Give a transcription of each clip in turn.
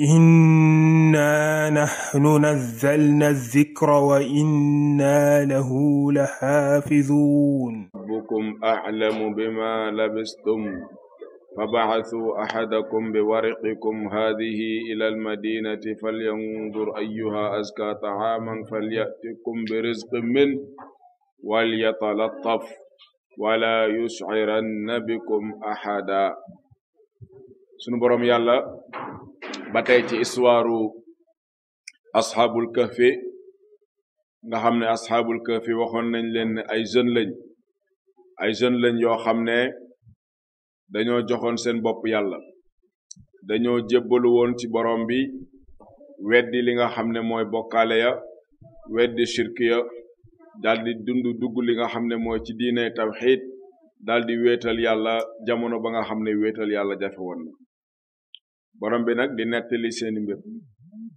انا نحن نزلنا الذكر وانا له لحافظون ربكم اعلم بما لبستم فبعثوا احدكم بورقكم هذه الى المدينه فلينظر ايها ازكى طعاما فلياتكم برزق منه وليتلطف ولا يشعرن بكم احدا سنبرم يلا batayti iswaru ashabul kahfe nga xam ne ashabul kahfe waxoon nañ leen ne ay jeune lañ ay jeune lañ yoo xam ne dañoo joxoon seen bopp yàlla dañoo jébbalu woon ci borom bi weddi li nga xam ne mooy bokkaale ya weddi shirki ya daal di dund dugg li nga xam ne mooy ci diine tawxid daal di wéetal yàlla jamono ba nga xam ne wéetal yàlla jafe woon na borom bi nag di nettali seeni mbir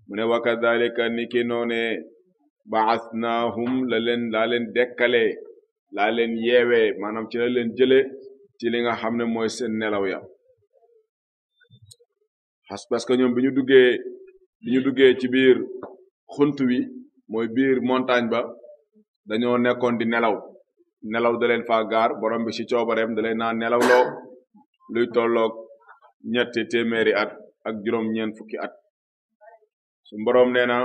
mu ne wa kadalika niki noone baasnaahum la leen laa leen dekkale laa leen yeewee maanaam ci la leen jële ci li nga xam ne mooy seen nelaw ya xas parce que ñoom bi ñu duggee bi ñu ci biir xunt wi mooy biir montagne ba dañoo nekkoon di nelaw nelaw da leen faa gaar borom bi ci coobareem da leen naa nelaw loo luy tolloog ñetti téeméeri at ak juróom ñeen fukki at su mborom neena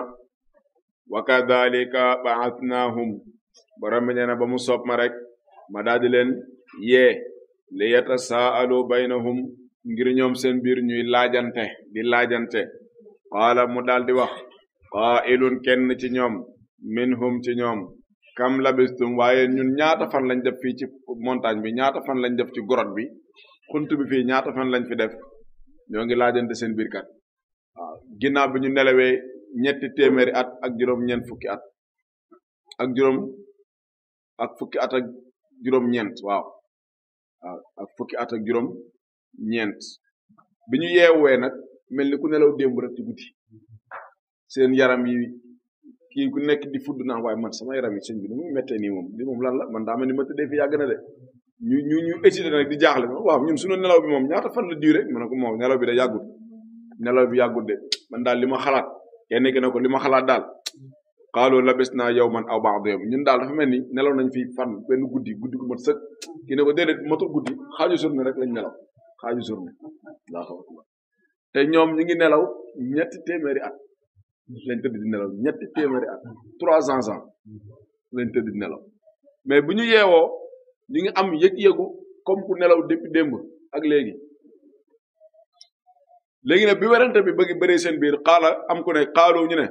wa kadalika baatnahum borom neena ba mu sob ma rek ma daa di leen yee li yatasaalu baynahum ngir ñoom seen biir ñuy laajante di laajante qaala mu daal di wax qaa'ilun kenn ci ñoom minhum ci ñoom kam labistum waaye ñun ñaata fan lañ def fii ci montagne bi ñaata fan lañ def ci gorot bi xunt bi fii ñaata fan lañ fi def ñoo ngi laajante seen biir kat waaw ginnaaw bi ñu nelawee ñetti téeméeri at ak juróom-ñeent fukki at ak juróom ak fukki at ak ñeent fukki at juróom-ñeent bi ñu yeewee nag mel ni ku nelaw démb rek guddi seen yaram yi kii ku nekk di fudd naa waaye man sama yaram yi sëñ bi nu muy méttee nii moom li lan la man daa mel ni ma tëddee fi yàgg na de. ñu ñu ñu hésité nag di jaaxle waaw ñun suñu nelaw bi moom ñaata fan la duré ma ne ko moom nelaw bi da yàggut nelaw bi yàggut de man daal li ma xalaat kenn ki ne ko li ma xalaat daal xaaloo labis naa yow man aw ba'd yawm ñun daal dafa mel ni nelaw nañ fi fan benn guddi guddi ne ko déedéet matul guddi xaaju journée rek lañ nelaw xaaju journée te ñoom ñu ngi nelaw ñetti téeméeri at lañ tëdd di nelaw ñetti téeméeri at trois cents ans lañ tëdd di nelaw mais bu ñu yeewoo di ngi am yëg-yëgu comme ku nelaw depuis démb ak léegi léegi nag bi werante bi bëgg bëree seen biir xaala am ku ne xaaloo ñu ne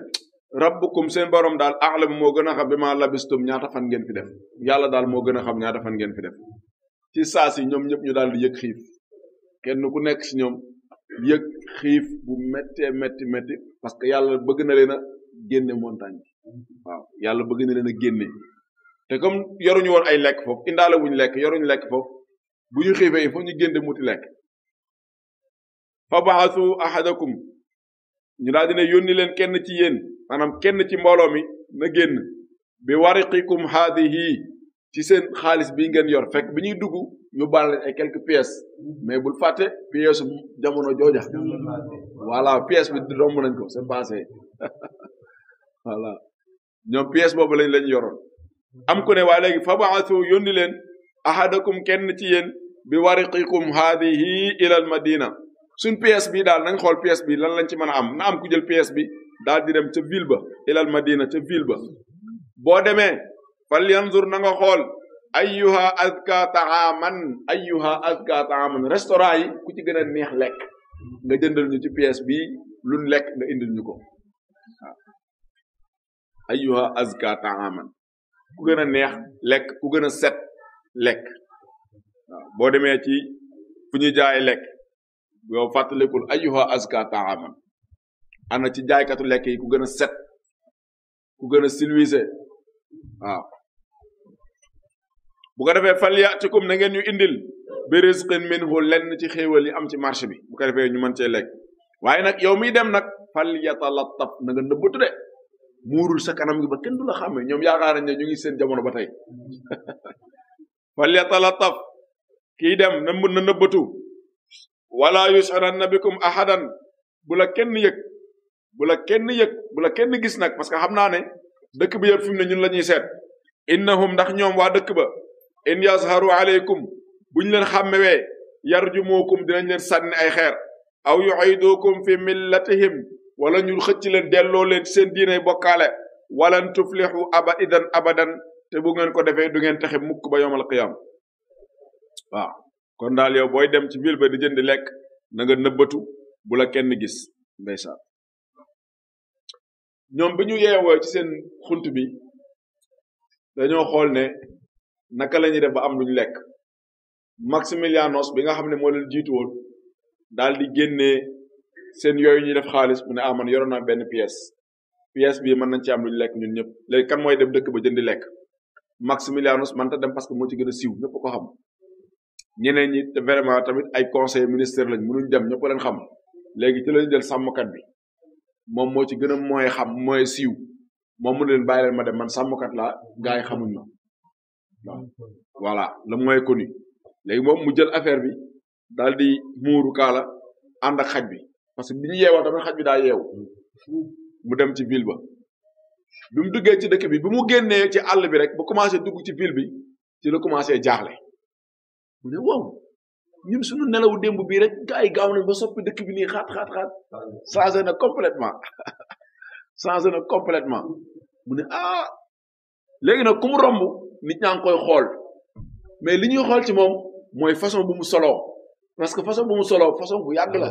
rabbukum seen borom daal aalam moo gën a xam bi ma labistum ñaata fan ngeen fi def yàlla daal moo gën a xam ñaata fan ngeen fi def ci saa si ñoom ñëpp ñu daal di yëg xiif kenn ku nekk si ñoom yëg xiif bu méttee métti métti parce que yàlla bëgg na leen a génne montagne waaw yàlla bëgg na leen a te comme yoruñu woon ay lekk foofu indaale wuñ lekk yoruñu lekk foofu bu ñu xiifee il faut ñu génn muti lekk fa baxasu ahadakum ñu daal dina yónni leen kenn ci yéen maanaam kenn ci mbooloo mi na génn bi wariqikum haadihi ci seen xaalis bi ngeen yor fekk bi ñuy dugg ñu baal leen ay quelques pièces mais bul fàtte pièce jamono jooja voilà pièce bi romb nañ ko c'est passé voilà ñoom pièce boobu lañ lañ yoroon am ku ne waa léegi fa baasu yónni leen ahadakum kenn ci yéen bi wariqikum haadihi ilal madina suñ pièce bi daal nañ xool pièce bi lan lañ ci mën a am na am ku jël pièce bi daal di dem ca ville ba ilal madina ca ville ba boo demee fal yanzur na nga xool ayyuha azka taaman ayyuha azka taaman restaurant yi ku ci gën a neex lekk nga jëndal ñu ci pièce bi luñ lekk nga indil ñu ko ayyuha azka taaman ku gën neex lekk ku gën a set lekk waaw boo demee ci fu ñu jaay lekk yow fàttalikul ayyuha azka taaman ana ci jaaykatu lekk yi ku gën a set ku gën a silwise waaw bu ko defee fal yaatikum na ngeen ñu indil bi rizqin minhu lenn ci xéewal yi am ci marché bi bu ko ñu mën cee lekk waaye nag yow miy dem nag fal yatalattaf na nga nëbbatu de muurul sa kanam gi ba kenn du la xàmmee ñoom yaakaar nañ ne ñu ngi seen jamono ba tey falyatalataf kii dem na mën na nëbbatu wala yushiranna bikum ahadan bu la kenn yëg bu la kenn yëg bu kenn gis nag parce que xam naa ne dëkk bi yëpp fi mu ne ñun lañuy ñuy seet innahum ndax ñoom waa dëkk ba in yazharu aleykum buñ leen xàmmewee yarjumukum dinañ leen sànni ay xeer aw yuidukum fi millatihim wala ñu xëcc leen delloo leen seen diiney bokkaale walan tuflixu aba idan abadan te bu ngeen ko defee du ngeen texe mukk ba yomal qiyaam waaw kon daal yow booy dem ci ville ba di jënd lekk na nga nëbbatu bula la kenn gis ndeysaan ñoom bi ñu yeewoo ci seen xunt bi dañoo xool ne naka la ñuy def ba am luñ lekk Maximilianos bi nga xam ne moo leen jiitu woon daal di génnee seen yooyu ñuy def xaalis mu ne ah man yoroon benn pièce pièce bii mën nañ ci am lu ñu lekk ñun ñëpp léegi kan mooy dem dëkk ba jëndi lekk Maximilianus man ta dem parce que moo ci gën a siiw ñëpp ko xam ñeneen ñi te vraiment tamit ay conseil ministère lañ mënuñ dem ñëpp leen xam léegi ci lañu jël bi moom moo ci gën a mooy xam mooy siiw moom mu leen bàyyi leen ma dem man sàmmkat laa gars yi xamuñ la voilà le mooy connu léegi moom mu jël affaire bi daal di muuru kaala ànd ak xaj bi parce que bi ñu yeewoo tamit xaj bi daa yeewu mu dem ci ville ba bi mu duggee ci dëkk bi bi mu génnee ci àll bi rek ba commencé dugg ci ville bi ci la commencé jaaxle mu ne wow ñun suñu nelawu démb bii rek gars yi gaaw nañ ba soppi dëkk bi nii xaat xaat xaat changé na complètement changé na complètement mu ne ah léegi nag ku mu romb nit ñaa koy xool mais li ñuy xool ci moom mooy façon bu mu soloo parce que façon bu mu soloo façon bu yàgg la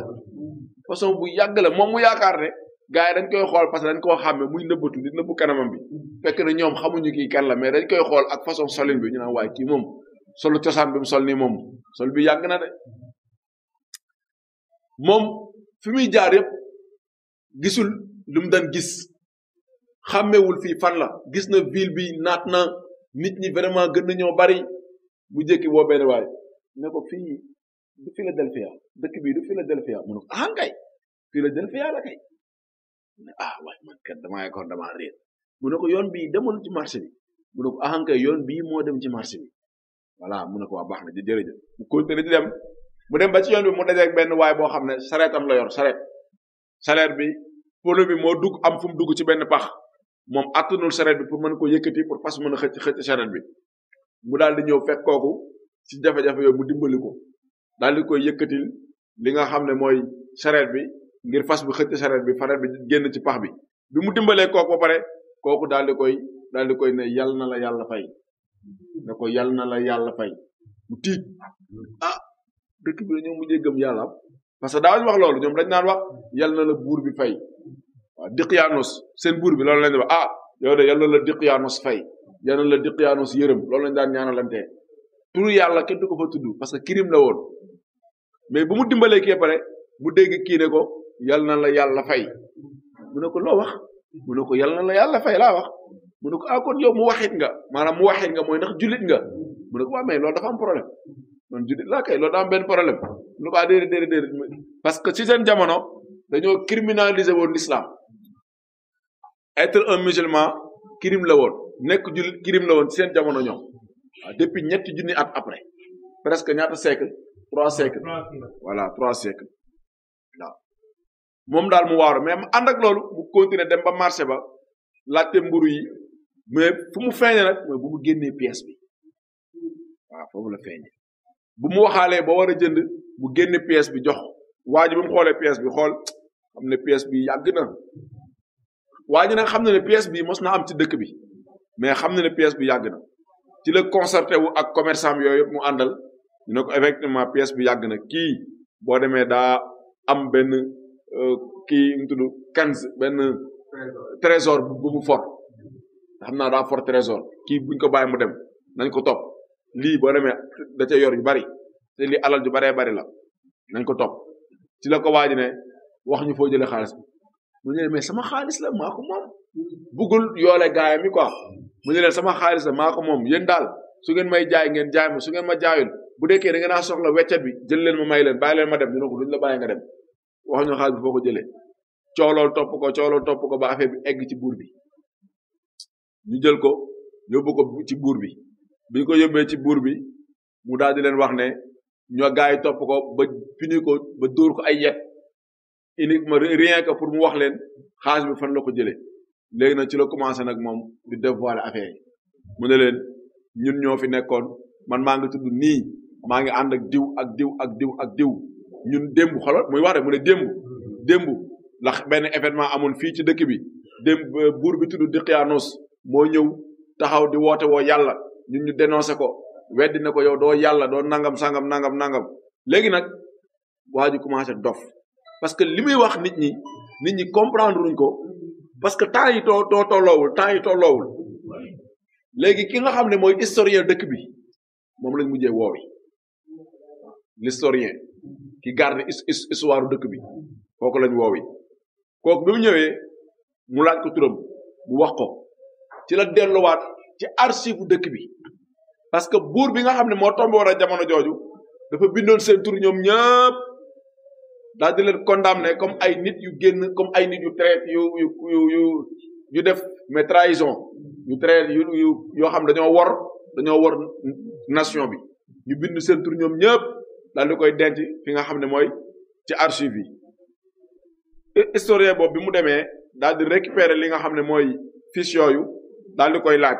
façon bu yàgg la moom mu yaakaar ne gars yi dañ koy xool parce que dañ koo xàmme muy nëbbatu di nëbbu kanamam bi fekk na ñoom xamuñu kii kan la mais dañ koy xool ak façon solin bi ñu naan waaye kii moom solu cosaan bi mu sol nii moom sol bi yàgg na de moom fi muy jaar yëpp gisul lu mu daan gis xàmmewul fii fan la gis na ville bi naat na nit ñi vraiment gën nañoo bari bu jékki woo benn waay ne ko fii du philadelphia dëkk bii du philadelphia mu ne ah kay philadelphia la kay ah waay man kat damaa kon dama réer mu ne ko yoon bii demul ci marché bi mu ne ko ah kay yoon bii moo dem ci marché bi voilà mu ne ko waa ah, baax na jërëjëf mu continuer di dem mu dem ba ci yoon bi mu dajeeg benn waay boo xam ne saretam la yor saret salaire bi polo bi moo dugg am fu mu dugg ci benn pax moom attanul saret bi pour mën ko yëkkati pour fas mën a xëcc xëcc bi mu daal di ñëw fekk kooku ci jafe-jafe yooyu mu dimbali ko daal di koy yëkkatil li nga xam ne mooy sareet bi ngir fas bu xëcc sareet bi fareet bi génn ci pax bi bi mu dimbalee kooku ba pare kooku daal koy daal di koy ne yal na la yàlla fay ne ko yal na la yàlla fay tiit ah dëkk bi dañoo mujjee gëm yàlla parce que daawañu wax loolu ñoom dañ naan wax yal na la buur bi fay waaw Diqyaanus seen buur bi loolu lañ wax ah yow de yal na la Diqyaanus fay yal na la Diqyaanus yërëm loolu lañ daan ñaanalantee turu yàlla kenn du ko fa tudd parce que kirim la woon mais bu mu dimbalee kii pare mu dégg kii ne ko yal na la yàlla fay mu ne ko loo wax mu ne ko yal na la yàlla fay laa wax mu ne ko ah kon yow mu waxit nga maanaam mu waxit nga mooy ndax julit nga mu ne ko waa mais loolu dafa am problème man julit laa kay loolu daa am benn problème lu ba ah, déedéet déedéet déedéet parce que ci seen jamono dañoo criminaliser woon l'islam être un musulman crime la woon nekk julit crime la woon ci seen jamono ñoom waaw depuis ñetti junni at après presque ñaata siècle trois siècle voilà trois siècle moom daal mu waaru mais mu ànd ak loolu mu continuer dem ba marché ba laajte mburu yi mais fu mu feeñee nag mooy bu mu génnee pièce bi waa foofu la feeñe bu mu waxaalee ba war a jënd bu génne pièce bi jox waa ji mu xoolee pièce bi xool xam ne pièce bi yàgg na waa ji nag xam na ne pièce bi mos na am ci dëkk bi mais xam na ne pièce bi yàgg na ci la concerté wu ak commerçant yooyu mu àndal ñu ne ko effectivement pièce bi yàgg na kii boo demee daa am benn euh, kii mu tudd kanz benn trésor bu mu for xam naa daa for trésor kii buñ ko bàyyi mu dem nañ ko topp lii boo demee da ca yor yu bari te lii alal ju baree bari la nañ ko topp ci la ko waaji ne wax ñu foo jëlee xaalis bi mu ne mais sama xaalis la maa moom bëggul yoole gaayam yi quoi mu ne leen sama xaalis la maa moom yéen daal su ngeen may jaay ngeen jaay ma su ngeen ma jaayul bu dekkee da ngeen a soxla weccat bi jël leen ma may leen bàyyi leen ma dem dina ko duñ la bàyyi nga dem wax ñu xaalis bi foo ko jëlee coolool topp ko coolool topp ko ba affaire bi egg ci buur bi ñu jël ko yóbbu ko ci buur bi biñ ko yóbbee ci buur bi mu daal di leen wax ne ñoo gaa yi topp ko ba fini ko ba dóor ko ay yet uniquement rien que pour mu wax leen xaalis bi fan la ko jëlee léegi nag ci la commencé nag moom di dévoiler affaire yi mu ne leen ñun ñoo fi nekkoon man maa ngi tudd nii maa ngi ànd ak diw ak diw ak diw ak diw ñun démb xoolal muy wax rek mu ne démb démb ndax benn événement amoon fii ci dëkk bi démb buur bi tudd Diqyaanus moo ñëw taxaw di woote woo yàlla ñun ñu dénoncé ko weddi ne ko yow doo yàlla doo nangam sangam nangam nangam léegi nag waa ji commencé dof parce que li muy wax nit ñi nit ñi comprendre luñ ko parce que temps yi too too tolloowul temps yi tolloowul léegi ki nga xam ne mooy historien dëkk bi moom lañ mujjee woowi l'historien ki garde histoire dëkk bi kooku lañ woowi kooku bi mu ñëwee mu laaj ko turam mu wax ko ci la delluwaat ci archive dëkk bi parce que buur bi nga xam ne moo tombe a jamono jooju dafa bindoon seen ñoom ñëpp daal di leen condamné comme ay nit yu génn comme ay nit yu traite yu yu yu def mais trahison yu yu yu yoo xam dañoo wor dañoo wor nation bi ñu bind seen tur ñoom ñëpp daal di koy denc fi nga xam ne mooy ci archive yi historien boobu bi mu demee daal di récupérer li nga xam ne mooy fiche yooyu daal di koy laaj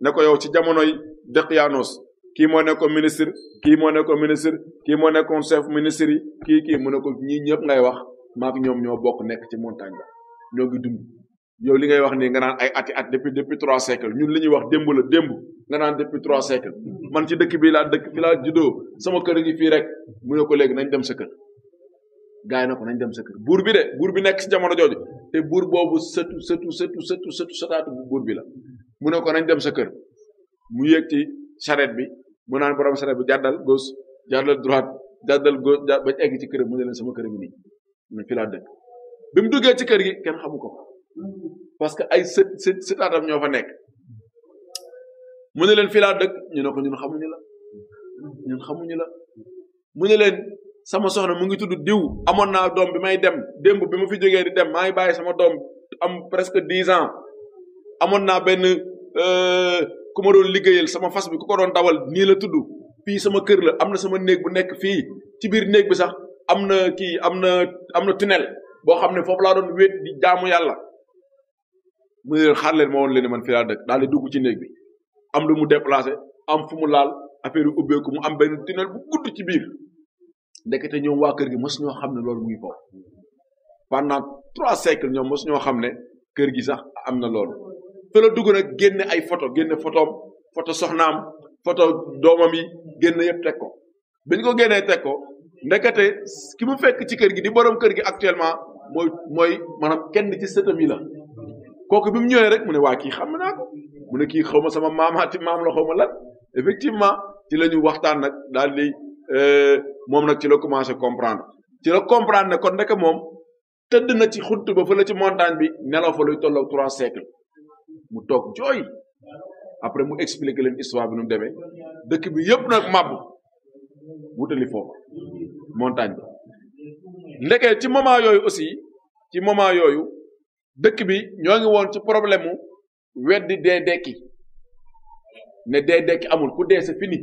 ne ko yow ci jamonoy Déqianos kii moo nekkoon ministre kii moo nekkoon ministre kii moo nekkoon chef ministre yi kii kii mu ne ko ñii ñëpp ngay wax maak ñoom ñoo bokk nekk ci montagne ba ñoo gi dund yow li ngay wax nii nga naan ay ati at depuis depuis trois siècles ñun li ñuy wax démb la démb nga naan depuis trois siècles man ci dëkk bi laa dëkk fi laa juddoo sama kër gi fii rek mu ne ko léegi nañ dem sa kër gaay na ko nañ dem sa kër buur bi de buur bi nekk si jamono jooju te buur boobu sëtu sëtu sëtu sëtu sëtu bu buur bi la mu ko nañ dem sa kër mu yéeg ci charrette bi mu naan borom sene bi jàddal gauche jàddal droite jàddal gauche ba egg ci kër mu ne leen sama kër gi nii ne fi laa dëkk bi mu duggee ci kër gi kenn xamu ko parce que ay sët sët sëtaatam ñoo fa nekk mu ne leen fi laa dëkk ñu ne ko ñun xamuñu la ñun xamuñu la mu ne leen sama soxna mu ngi tudd diw amoon naa doom bi may dem démb bi ma fi jógee di dem maa ngi bàyyi sama doom am presque 10 ans amoon naa benn euh, ku ma doon liggéeyal sama fas bi ku ko doon dawal nii la tudd fii sama kër la am na sama néeg bu nekk fii ci biir néeg bi sax am na kii am na am na tunnel boo xam ne foofu laa doon wéet di jaamu yàlla mu ne xaar leen leen man fii laa daal di dugg ci néeg am lu mu déplacé am fu mu laal affaire yu ubbeeku mu am benn tunnel bu gudd ci biir ndekete ñoom waa kër gi mos ñoo xam ne loolu mu ngi foofu pendant trois siècles xam ne kër gi sax am na lool fa dugg nag génne ay photo génne photoom photo soxnaam photo doomam yi génne yëpp teg ko bi ko génnee teg ko ndekete ki mu fekk ci kër gi di borom kër gi actuellement mooy mooy maanaam kenn ci sëtam yi la kooku bi mu ñëwee rek mu ne waa kii xam naa ko mu kii xaw ma sama maamaati maam la xaw ma lan effectivement ci la ñu waxtaan nag daal di euh, moom nag ci la commencé comprendre ci la comprendre ne kon ndeke moom tëdd na ci xunt ba fa la ci montagne bi nelaw fa luy tolloog mu toog jooy après mu expliqué leen histoire bi nu demee dëkk bi yëpp nag màbb wutali foofu montagne bi ndekee ci moment yooyu aussi ci moment yooyu dëkk bi ñoo ngi woon ci problème mu weddi dee dekki ne dee dekki amul ku dee c'est fini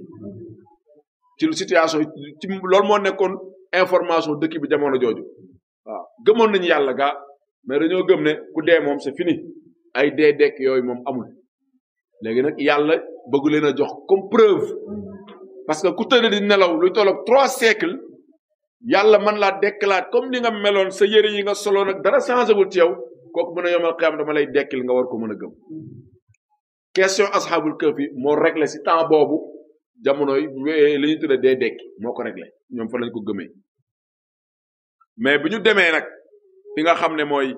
ci lu situation ci loolu moo nekkoon information dëkk bi jamono jooju waaw gëmoon nañu yàlla gaa mais ñoo gëm ne ku dee moom c'est fini ay dee dekk yooyu moom amul léegi nag yàlla bëgg leen a jox comme preuve parce que ku tëdd di nelaw lu tolloog trois siècles yàlla man laa dekkalaat comme ni nga meloon sa yére yi nga soloon ak dara changé wul ci yow kooku mën a yomal xiyaam dama lay dekkil nga war ko mën a gëm question asxaabul kahfi moo réglé si temps boobu jamonoy li ñu tudde dee dekki moo ko réglé ñoom fa lañ ko gëmee mais bi ñu demee nag fi nga xam ne mooy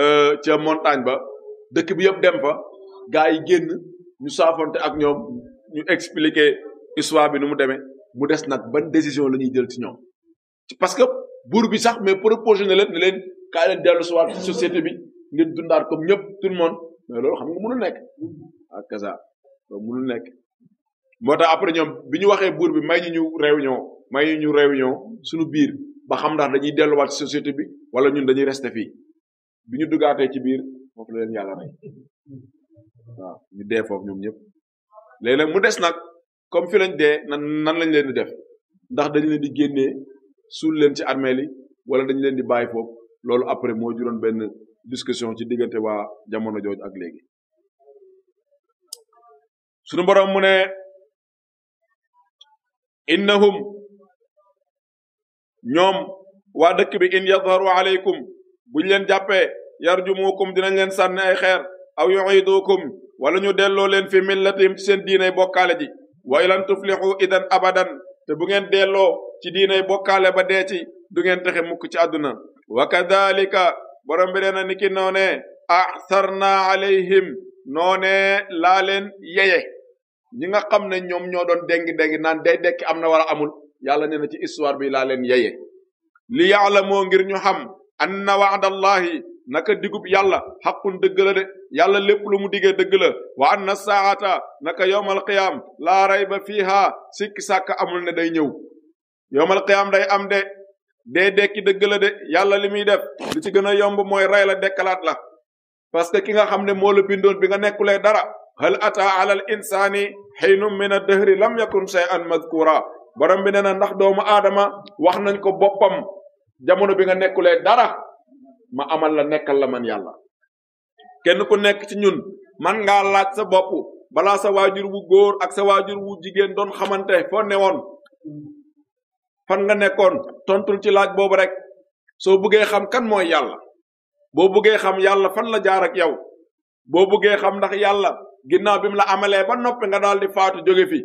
euh, ca montagne ba dëkk bi yëpp dem fa gars yi génn ñu saafonte ak ñoom ñu expliquer histoire bi nu mu demee mu des nag ban décision la ñuy jël ci ñoom parce que buur bi sax mais proposé na leen ne leen kaay leen dellu si waat société bi ngeen dundaat comme ñëpp tout le monde mais loolu xam nga mënul nekk ak kaza loolu mënul nekk moo tax après ñoom bi ñu waxee buur bi may ñu réunion may ñu réunion suñu biir ba xam ndax dañuy delluwaat ci société bi wala ñun dañuy rester fii bi ñu duggaatee ci biir foofu la leen yàlla rey waaw ñu dee foofu ñoom ñëpp léegi nag mu des nag comme fi lañ dee nan nan lañ leen di def ndax dañ leen di génnee suul leen ci armée li wala dañ leen di bàyyi foofu loolu après moo juróon benn discussion ci diggante waa jamono jooju ak léegi sunu boroom mu ne innahum ñoom waa dëkk bi in yadharu aleykum buñ leen jàppee yarjumukum dinañ leen sànni ay xeer aw yuidukum wala ñu delloo leen fi millatihim ci seen diinay bokkaale ji way lan tuflixu idan abadan te bu ngeen delloo ci diinay bokkaale ba dee ci du ngeen texe mukk ci àdduna wa kadalika borom bi deena niki noone ahsarna alayhim noone laa leen yeye ñi nga xam ne ñoom ñoo doon déngi-déngi naan day dekk am na wala amul yàlla nee na ci histoire bi laa leen yeye li yaalamoo ngir ñu xam anna wa'dallahi naka digub yàlla xaqun dëgg la de yàlla lépp lu mu digee dëgg la wa na saata naka yowmal qiyaam laa rayba fiha sikki sàkk amul ne day ñëw yowmal qiyaam day am de dee dekki dëgg la de yàlla li muy def li ci gën a yomb mooy rey la dekkalaat la parce que ki nga xam ne moo la bindoon bi nga nekkulee dara hal ata alal insaani xiinum min ad-dahri lam yakun shay'an madkura borom bi nee na ndax doomu aadama wax nañ ko boppam jamono bi nga nekkulee dara ma amal la nekkal la man yàlla kenn ku nekk ci ñun man ngaa laaj sa bopp balaa sa waajur wu góor ak sa waajur wu jigéen doon xamante foo woon fan nga nekkoon tontul ci laaj boobu rek soo bëggee xam kan mooy yàlla boo buggee xam yàlla fan la jaar ak yow boo bëggee xam ndax yàlla ginnaaw bi mu la amalee ba noppi nga daal di faatu jóge fi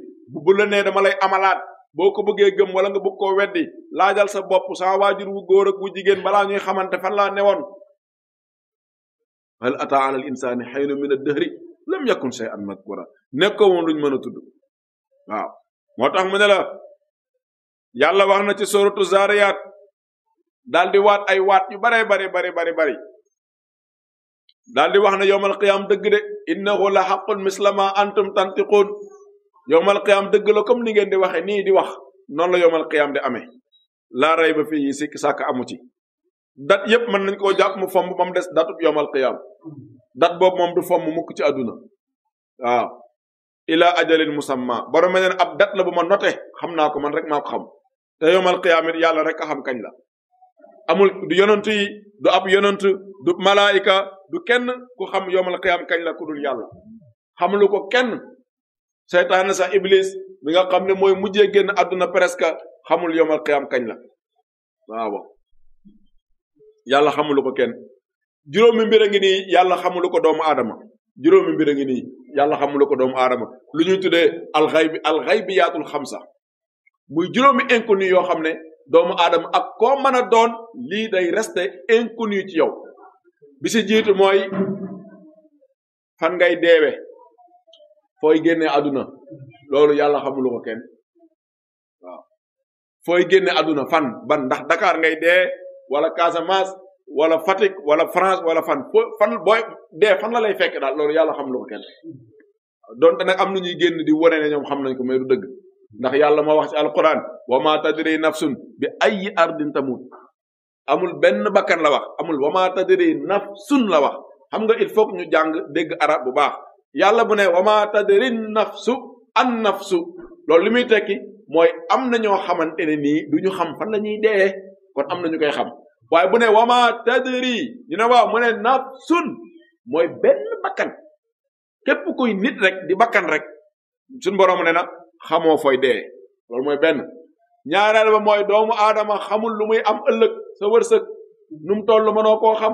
bu la nee dama lay amalaat boo ko bëggee gëm wala nga bëgg koo weddi laajal sa bopp saa waajur wu góor ak wu jigéen balaa ñuy xamante fan laa newoon hal ata ala al insaani xaynu min ad-dahri lam yakun shay'an madkura nekko woon luñ mën a tudd waaw moo tax mu ne la yàlla wax na ci suratu zaariyaat daal di waat ay waat yu bare bare bare bare bare daal di wax ne yowmal qiyaam dëgg de innahu la xaqun mislama antum tantiqun yowmal qiyaam dëgg la comme ni ngeen di waxe nii di wax noon la yowmal qiyaam di amee laa rey ba fii sikki sàkk amu ci dat yépp mën nañ koo jàpp mu fomm ba des datub yowmal qiyaam dat boobu moom du fomm mukk ci àdduna waaw ila ajalin musamma borom ma neen ab dat la bu ma note xam naa ko man rek maa ko xam te yowmal qiyaam yàlla rek a xam kañ la amul du yonent yi du ab yonent du malaayika du kenn ku xam yowmal qiyaam kañ la ku dul yàlla xamlu ko seytaane sax iblis bi nga xam ne mooy mujjee génn àdduna presque xamul yomal xiyaam kañ la waaw yàlla xamulu ko kenn juróomi mbir a ngi nii yàlla xamulu ko doomu aadama juróomi mbir a ngi nii yàlla xamulu ko doomu aadama lu ñuy tuddee alxaybi alxaybiyaatul xamsa muy juróomi inconnu yoo xam ne doomu aadama ak koo mën a doon lii day resté inconnu ci yow bi si jiitu mooy fan ngay deewe fooy génne àdduna loolu yàlla xamulu ko kenn fooy génne àdduna fan ban ndax Dakar ngay dee wala Casamance wala Fatick wala France wala fan fan booy dee fan la lay fekk daal loolu yàlla xamulu ko kenn donte nag am na ñuy génn di wane ne ñoom xam nañ ko mais du dëgg ndax yàlla ma wax ci alquran wa ma tadri nafsun bi ayi ardin tamut amul benn bakkan la wax amul wa ma tadri nafsun la wax xam nga il foog ñu jàng dégg arab bu baax yàlla bu ne wama tadri nafsu an nafsu loolu li muy tekki mooy am na ñoo xamante ne nii du ñu xam fan ñuy dee kon am na ñu koy xam waaye bu ne wamaa tadri ñu ne waaw mu ne nafsun mooy benn bakkan képp kuy nit rek di bakkan rek suñ borom ne na xamoo fooy dee loolu mooy benn ñaareel ba mooy doomu aadama xamul lu muy am ëllëg sa wërsëg nu mu toll mënoo koo xam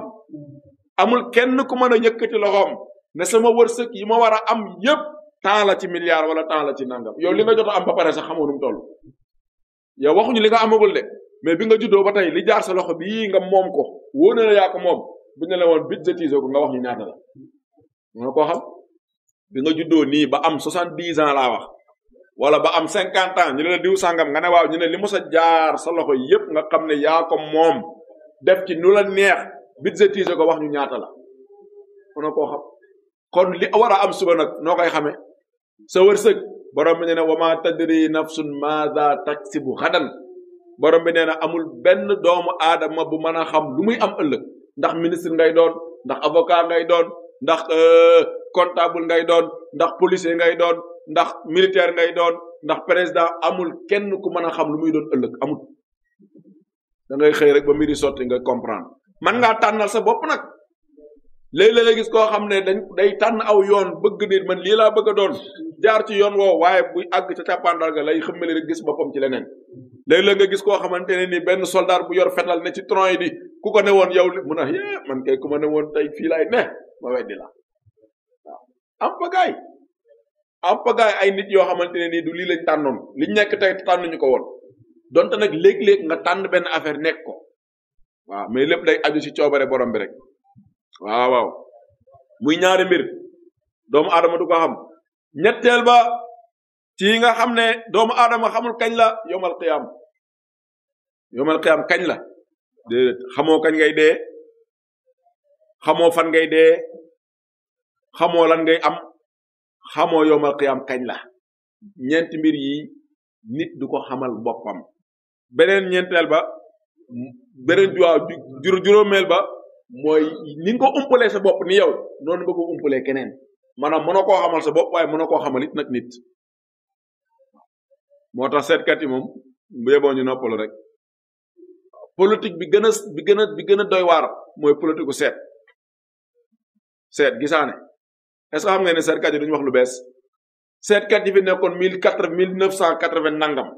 amul kenn ku mën a yëkkati loxoom ne sama wërsëg yi ma war a am yépp temps la ci milliard wala temps la ci nangam yow li nga jot am ba pare sax xamoo nu mu yow waxuñu li nga amagul de mais bi nga juddoo ba tey li jaar sa loxo bii nga moom ko wóor na la moom bu ñu la woon budgétiser ko nga wax ñu ñaata la nga koo xam bi nga juddoo ba am soixante dix ans laa wax wala ba am cinquante ans ñu ne la diw sàngam nga ne waaw ñu ne li mos a jaar sa loxo yépp nga xam ne yaa ko moom def ci nu la neex budgétiser ko wax ñu ñaata la nga koo xam. kon li war a am suba nag noo koy xamee sa wërsëg borom bi nee na wama tadri nafsun maada taksibu xadan borom bi nee na amul benn doomu aadama bu mën a xam lu muy am ëllëg ndax ministre ngay doon ndax avocat ngay doon ndax euh, contable ngay doon ndax policier ngay doon ndax militaire ngay doon ndax président amul kenn ku mën a xam lu muy doon ëllëg amul da ngay xëy rek ba mbiri sotti nga comprendre man ngaa tànnal sa bopp nag léeg-léeg nga gis koo xam ne dañ day tànn aw yoon bëgg nit man lii laa bëgg a doon jaar ci yoon woo waaye buy àgg ca càppaandal ga lay xëmmali rek gis boppam ci leneen léeg-léeg nga gis koo xamante ne nii benn soldat bu yor fetal ne ci tronc yi di ku ko ne woon yow li mun a yee man kay ku ma ne woon tey fii lay ne ma weddi la waaw am ay nit yoo xamante ne nii du lii lañ tànnoon li nekk tey tànnuñu ko woon donte nag léeg-léeg nga tànn benn affaire nekk ko waaw lépp day aju ci coobare borom bi rek waaw waaw muy ñaari mbir doomu adama du ko xam ñetteel ba ci nga xam ne doomu aadama xamul kañ la yomal qiyaam yomal qiyaam kañ la déedéet xamoo kañ ngay de xamoo fan ngay dee xamoo lan ngay am xamoo yomal qiyaam kañ la ñeenti mbir yi nit du ko xamal boppam beneen ñeenteel ba beneen juróomeel ba mooy ni ko umpalee sa bopp ni yow noonu ba ko umpalee keneen maanaam mënoo koo xamal sa bopp waaye mënoo koo xamal it nag nit moo tax seetkat yi moom bu yeboo ñu noppalu rek politique bi gën a bi gën a bi gën a doy waar mooy politique ku seet seet gisaane est-ce que xam nga ne seetkat yi duñu wax lu bees seetkat yi fi nekkoon mille quatre mille neuf cent quatre-vingt nangam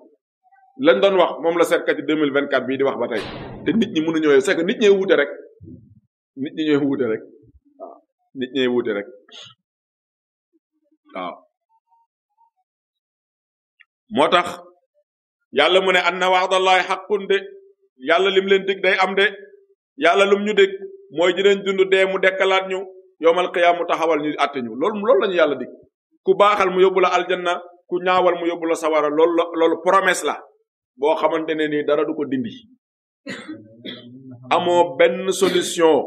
lañ doon wax moom la seetkat yi deux mille vingt-quatre bii di wax ba tey te nit ñi mënuñoo c'est que nit ñee wuute rek nit ñi ñooy wuute rek nit ñooy wuute rek waaw moo tax yàlla mu ne anna wa'dallahi haqqun de yàlla lim leen dig day am de yàlla lum ñu dig mooy dinañ dund dee mu dekkalaat ñu yowmal qiyaam mu taxawal ñu àtte ñu loolu loolu lañu yàlla dig ku baaxal mu yóbbu la aljanna ku ñaawal mu yóbbu la sawara loolu loolu la boo xamante ne nii dara du ko dindi amoo benn solution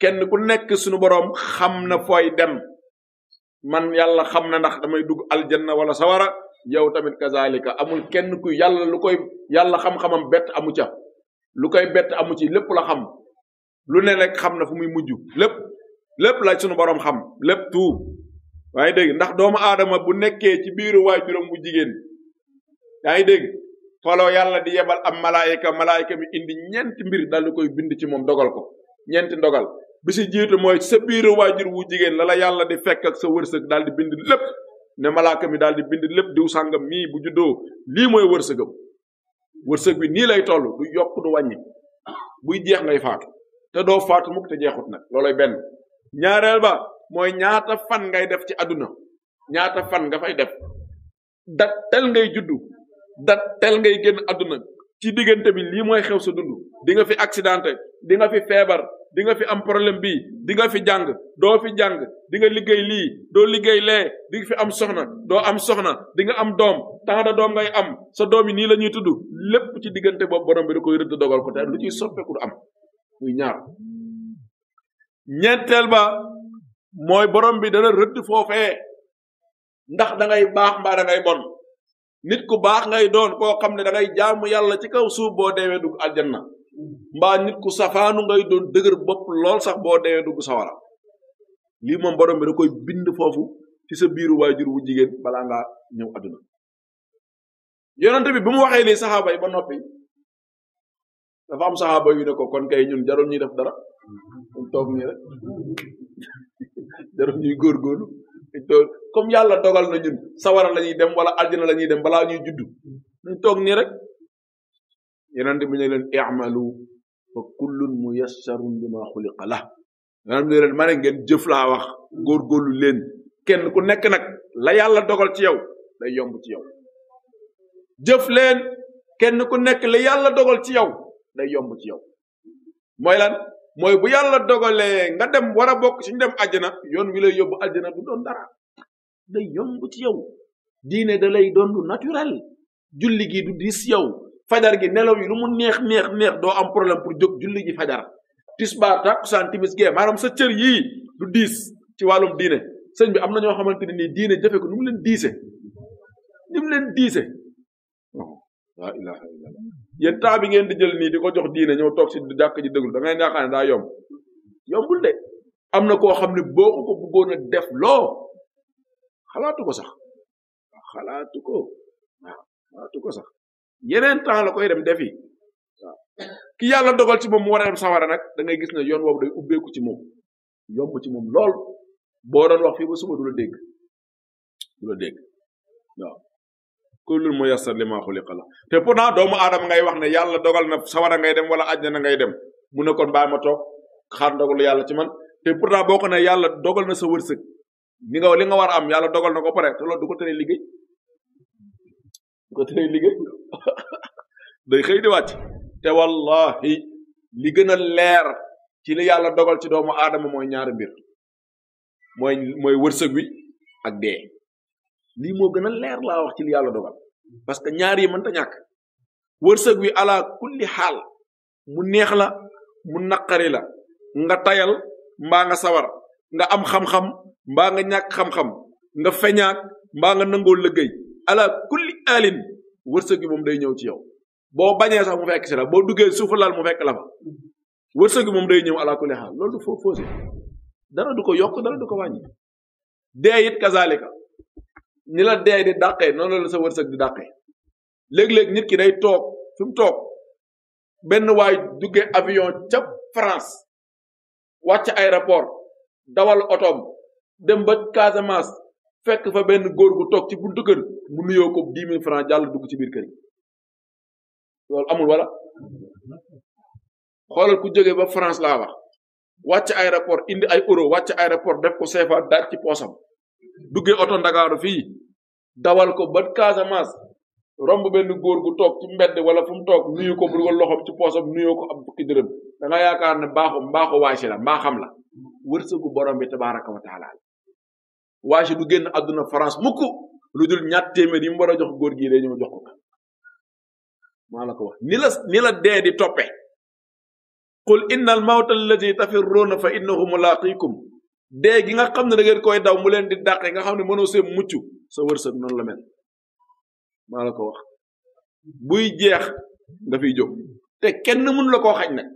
kenn ku nekk sunu boroom xam na fooy dem man yàlla xam na ndax damay dugg aljanna wala sawara yow tamit kazalika amul kenn kuy yàlla lu koy yàlla xam-xamam bett amu ca lu koy bett amu ci lépp la xam lu ne nekk xam na fu muy mujj lépp lépp la sunu boroom xam lépp tuub waaye dégg ndax doomu aadama bu nekkee ci biiru waajuram bu jigéen yaa ngi dégg faloo yàlla di yebal am malaayika malaayika mi indi ñenti mbir dal di koy bind ci moom dogal ko ñeenti ndogal bi si jiitu mooy sa biir waajur wu jigéen la la yàlla di fekk ak sa wërsëg daal di bind lépp ne malaaka mi daal di bind lépp diw sàngam mii bu juddoo lii mooy wërsëgam wërsëg bi nii lay toll du yokk du wàññi buy jeex ngay faatu te doo faatu mukk te jeexut nag looloy benn ñaareel ba mooy ñaata fan ngay def ci àdduna ñaata fan nga fay def da tel da tel ngay genn aduna ci digënté bi li moy xew sa dundu di nga fi accidenté di nga fi fièvre di nga fi am problème bi di nga fi jang do fi jang di nga liggéey li do liggéey lé di fi am soxna do am soxna di nga am dom tant da dom ngay am sa doom ni lañuy tuddu lepp ci digënté bob borom bi da koy rëdd dogal ko te lu ci soppé ko am muy ñaar ñettel ba moy borom bi na rëdd fofé ndax da ngay baax mba da ngay bon nit ku baax ngay doon koo xam ne dangay ngay jaamu yàlla ci kaw suuf boo deewee dugg aljanna mbaa nit ku safaanu ngay doon dëgër bopp lool sax boo deewee dugg sawara lii moom borom bi da koy bind foofu ci sa biiru waajur wu jigéen balaa ngaa ñëw adduna yonente bi bi mu waxee lii saxaaba yi ba noppi dafa am saxaaba yu ne ko kon kay ñun jarul ñuy def dara ñun toog ñi rek comme yàlla dogal na ñun sawara la ñuy dem wala aljana lañuy ñuy dem balaa ñuy judd ñu toog nii rek yeneen mu ne leen i'malu fa kullun muyassarun lima xuliqa la ma ne ngeen jëf laa wax góorgóorlu leen kenn ku nekk nag la yàlla dogal ci yow day yomb ci yow jëf leen kenn ku nekk la yàlla dogal ci yow day yomb ci yow mooy mooy bu yàlla dogalee nga dem war a bokk ci ñu dem àjjana yoon wi lay yóbbu àjjana bu doon dara day yomb ci yow diine da lay doon lu naturel julli gi du diis yow fajar gi nelaw yi lu mu neex neex neex doo am problème pour jóg julli gi fajar tisbaar takkusaan timis gee maanaam sa cër yii du diis ci wàllum diine sëñ bi am na ñoo xamante ni nii diine jëfe ko nu mu leen diise ni mu leen diise laa ilaha illallah yéen temps bi ngeen di jël nii di ko jox diine ñëw toog si jàkk ji déglu da ngay yaakaar ne daa yomb yombul de am na koo xam ne boo ko ko def loo xalaatu ko sax xalaatu ko waaw xalaatu ko sax yeneen temps la koy dem defi waaw ki yàlla dogal ci moom mu war a dem sawara nag da gis ne yoon woowu day ubbeeku ci moom yomb ci moom lool boo doon wax fii ba suba du la dégg du la dégg waaw kullun muyassar limaa xuliqa la te pourtant doomu aadama ngay wax ne yàlla dogal na sawara ngay dem wala na ngay dem mu ne kon bàyyi ma toog xaar ndogalu yàlla ci man te pourtant boo ko ne yàlla dogal na sa wërsëg li li war a am yàlla dogal na ko pare te loolu du ko tëree liggéey du ko day xëy di wàcc te wallahi li gën a leer ci li yàlla dogal ci doomu aadama mooy ñaari mbir mooy mooy wërsëg wi ak dee lii moo gën a leer laa wax ci li yàlla dogal parce que ñaar yi mënta ñàkk wërsëg wi ala kulli xaal mu neex la mu naqari la nga tayal mbaa nga sawar nga am xam-xam mbaa nga ñàkk xam-xam nga feñaak mbaa nga nangoo liggéey ala kulli alin wërsëg wi moom day ñëw ci yow boo bañee sax mu fekk si la boo duggee suufu laal mu fekk la fa wërsëg wi moom day ñëw ala kulli xaal loolu du foo dara du ko yokk dara du ko wàññi dee it kazalika ni la dee di dàqee noonu la sa wërsëg di dàqee léeg-léeg nit ki day toog fi toog benn waay duggee avion ca France wàcc aéroport dawal otom dem ba Casamance fekk fa benn góor gu toog ci buntu kër mu nuyoo ko dix france francs jàll dugg ci biir kër yi amul wala xoolal ku jóge ba France laa wax wàcc aéroport indi ay euro wàcc aéroport def ko CFA daal ci poosam duggee oto ndakaaru fii dawal ko ba Casamance romb benn góor gu toog ci mbedd wala fu mu toog nuyu ko bu loxoom ci poosam nuyoo ko ab fukki dërëm da yaakaar ne mbaaxu mbaaxu waasi la mbaaxam la wërsëgu borom bi tabaraka wa taala waasi du génn àdduna France mukk lu dul ñaat téeméer yi mu jox góor gii day ñëw jox ko maa la ko wax ni la ni la dee di toppe qul inna al mawta alladi tafirruuna fa innahu mulaqikum dee gi nga xamne da ngeen koy daw mu len di dàqe nga xamne mëno mënoo muccu sa wërsëg non la mel maa la ko wax buy jeex da fiy jog te kenn mënu la ko xagn nag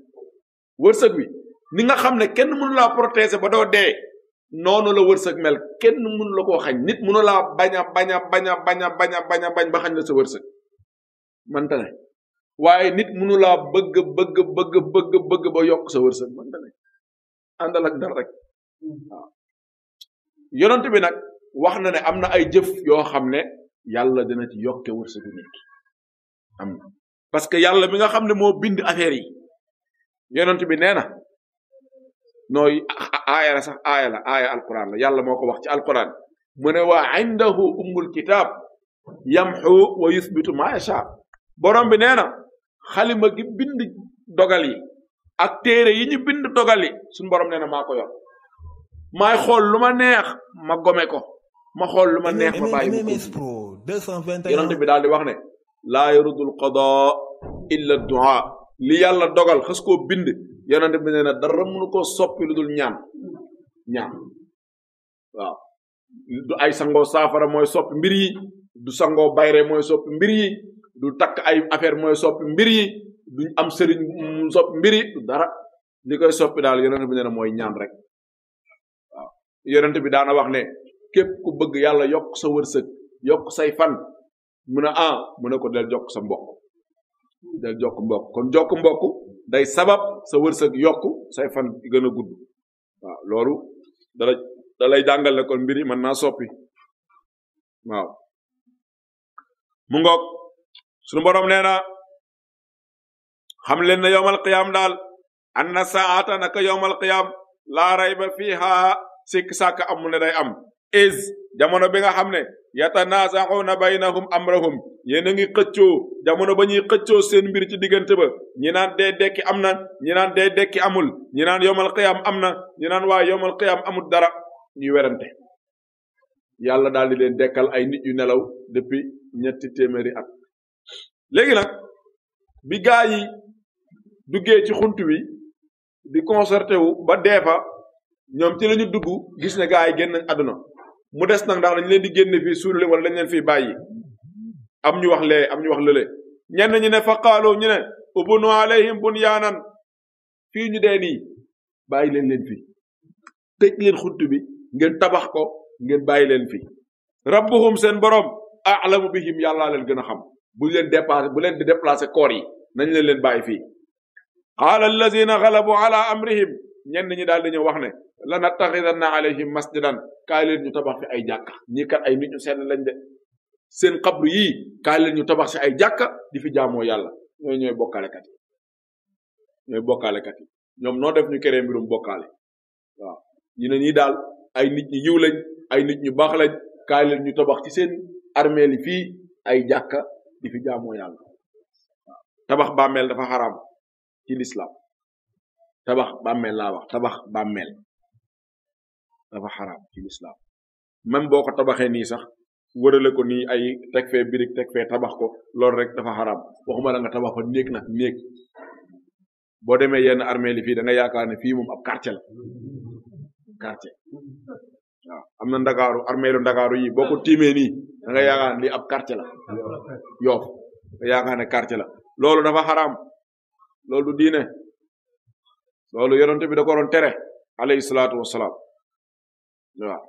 wërsëg wi ni nga xamne ne kenn mënu la protéger ba do dé nonu la wërsëg mel kenn mënu la ko xagn nit mënu la baña baña baña baña baña baña bañ ba xagn la sa wërsëg man tane waye nit mënu la bëgg bëgg bëgg bëgg bëgg ba yok sa wërsëg man tane andal ak dar rek waaw bi nag wax na ne am na ay jëf yoo xam ne yàlla dina ci yokke wërsëgu nit ki am na que yàlla mi nga xam ne moo bind affaire yi yonent bi nee na nooy aaya la sax aaya la aaya alquran yàlla moo ko wax ci alquran mu ne waa indahu ummul kitaab yamxu wa yusbitu ma yacha borom bi nee na xalima gi bind dogal yi ak téere yi ñu bind dogal yi suñu borom nee maa ko yor maay xool lu ma neex ma gome ko ma xool lu ma neex ma bàyyi ko yonent bi daal di wax ne laa yarudul qadaa illa du'a li yàlla dogal xas bind yonent bi nee na dara mënu koo soppi lu dul ñaan ñaan waw du ay sangoo saafara mooy soppi mbir yi du sangoo bayre mooy soppi mbir yi du takk ay affaire mooy soppi mbir yi du am sëriñ mu mbir yi du dara li koy soppi daal yonent bi nee na mooy ñaan rek yonent bi daana wax ne képp ku bëgg yàlla yokk sa wërsëg yokk say fan mu ne ah mu ne ko del jokk sa mbokk del jokk mbokk kon jokk mbokk day sabab sa wërsëg yokk say fan gën a gudd loolu da lay jàngal ne kon mbir yi mën naa soppi waaw mu ngoog suñu boroom nee na xam leen ne yowmal qiyaam daal anna saata naka yowmal qiyaam laa rayba fiiha sikk sàkk amul ne day am is jamono bi nga xam ne na na baynahum am yéen a ngi xëccoo jamono ba ñuy xëccoo seen mbir ci diggante ba ñi naan dee dekki am na ñi naan dee dekki amul ñi naan yomal qiyaam am na ñi naan waa yomal qiyaam amul dara ñuy werante yàlla daal di leen dekkal ay nit yu nelaw depuis ñetti téeméeri at léegi nag bi gaa yi duggee ci xunt wi di concerté ba deefa ñoom ci la ñu dugg gis ne gaa yi génn nañ àdduna mu des nag ndax dañ leen di génne fii suul leen wala dañ leen fii bàyyi am ñu wax lee am ñu wax lële ñenn ñu ne fa qaaloo ñu ne ubnu alayhim bunyaanan fii ñu dee nii bàyyi leen leen fi tëj leen xunt bi ngeen tabax ko ngeen bàyyi leen fii rabbuhum seen borom aalamu bihim yàllaa leen gën a xam bu leen dépassé bu leen di déplacé koor yi nañ leen leen bàyyi fii qaala allazina galabu amrihim ñen ñi daal dañu wax ne la natakhidanna alayhim masjidan ka leen ñu tabax fi ay jàkka ñi kat ay nit ñu sell lañ de sen qabru yi ka leen ñu tabax ci ay jàkka di fi jaamoo yalla ñoy ñoy bokale kat ñoy bokale kat ñom no def ñu kéré mbirum bokale wa ñi ne ñi daal ay nit ñi yiw lañ ay nit ñu bax lañ ka leen ñu tabax ci sen armeel yi ay jàkka di fi jaamoo yalla tabax mel dafa haram ci l'islam tabax bàmmeel laa wax tabax bàmmeel dafa xaraam ci boo ko tabaxee nii sax wërale ko ni ay teg fee birig teg fee tabax ko loolu rek dafa xaraam waxuma la nga tabax fa néeg nag néeg boo demee yenn armée li fii da yaakaar ne fii moom ab quartier la quartier waaw am na ndakaaru armée ndakaaru yi boo ko tiimee nii da nga ne lii ab quartier la yoof nga yaakaar ne quartier la loolu dafa xaraam loolu du diine loolu yonent bi da ko doon tere alayhi salaatu wasalaam waaw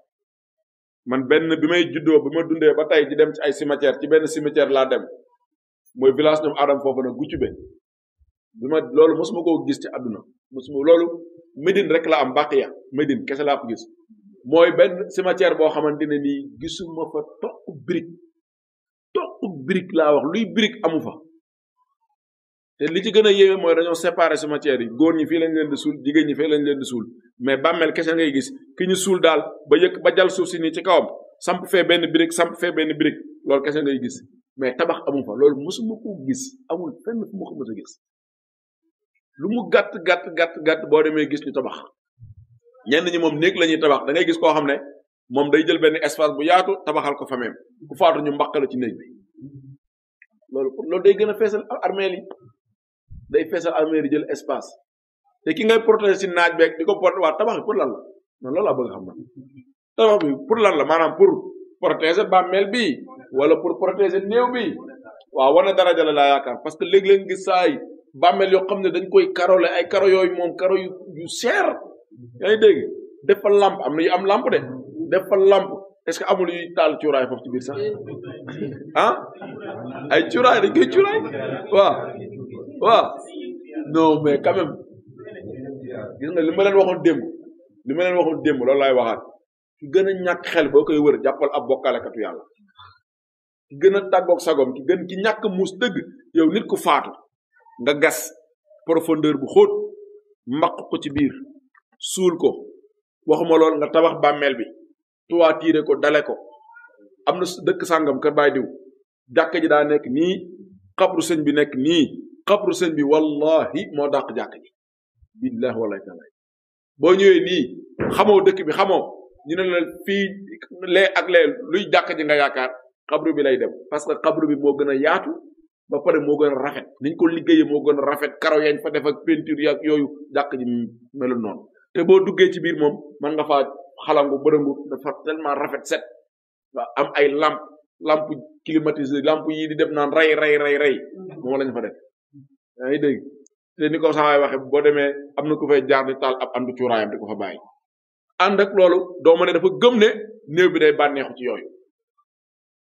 man benn bi may juddoo bi ma dundee ba tey di dem ci ay cimetière ci benn cimetière laa dem mooy village ñoom Adam foofu nag Gucube bi loolu mosuma koo gis ci àdduna mosuma loolu Médine rek la am Baqiya Médine kese laa ko gis mooy benn cimetière boo xamante ne nii gisuma fa toq brique toq brique laa wax luy brique amu fa te li ci gën a yéeme mooy dañoo séparé cimetière yi góor ñi fii lañ leen di suul jigéen ñi fii lañ leen di suul mais bàmmeel kese ngay gis ki ñu suul daal ba yëkk ba jal suuf si nii ci kawam samp fee benn brique samp fee benn brique loolu kese ngay gis mais tabax amu fa loolu mosuma ko gis amul fenn fu ma ko mos gis lu mu gàtt gàtt gàtt gàtt boo demee gis ñu tabax ñenn ñi moom néeg lañuy tabax dangay gis koo xam ne moom day jël benn espace bu yaatu tabaxal ko fameem ku faatu ñu mbaqala ci néeg bi loolu day gën a feesal armeel yi day feesal armée jël espace te ki ngay protéger si naaj beeg di ko porté waa tabax bi pour lan la non loolu laa bëgg xam na tabax bi pour lan la maanaam pour protéger bàmmeel bi wala pour protéger néew bi waaw wane daraja la laa yaakaar parce que léegi leen gis saay bàmmeel yoo xam ne dañ koy karole ay karo yooyu moom karo yu seer yaa ngi dégg def fa lampe am na am làmp de def fa lampe est-ce amul yuy taal cuuraay foofu ci biir sax ah ay cuuraay dañ koy cuuraay waaw non mais quand gis nga li ma leen waxoon démb li ma leen waxoon démb lool laay waxaat ki gën a ñàkk xel boo koy wër jàppal ab bokkaalekatu yàlla ki gën a tàggoog sagom ki gën ki ñàkk muus dëgg yow nit ku faatu nga gas profondeur bu xóot mbaq ko ci biir suul ko waxuma lool nga tabax bàmmeel bi tuwaatiire ko dale ko am na dëkk sàngam kër baay diw jàkka ji daa nekk nii xabru sëñ bi nekk nii xabru seen bi wallahi moo dàq jàkk ji billahi wallahi taala boo ñëwee nii xamoo dëkk bi xamoo ñu ne la fii le ak lee luy jàkk ji nga yaakaar xabru bi lay dem parce que xabru bi moo gën a yaatu ba pare moo gën a rafet niñ ko liggéeyee moo gën a rafet karo yañ fa def ak peinture yak yooyu jàkk ji melu noonu te boo duggee ci biir moom mën nga faa xalangu bërëngu dafa tellement rafet set waa am ay lamp lamp climatisé lamp yi di dem naan rey rey rey rey lañ yaa ngi dégg te ni ko sawaay waxe boo demee am na ku fay jaar di taal ab andu cuuraayam di ko fa bàyyi ànd ak loolu doo ma dafa gëm ne néew bi day bànneexu ci yooyu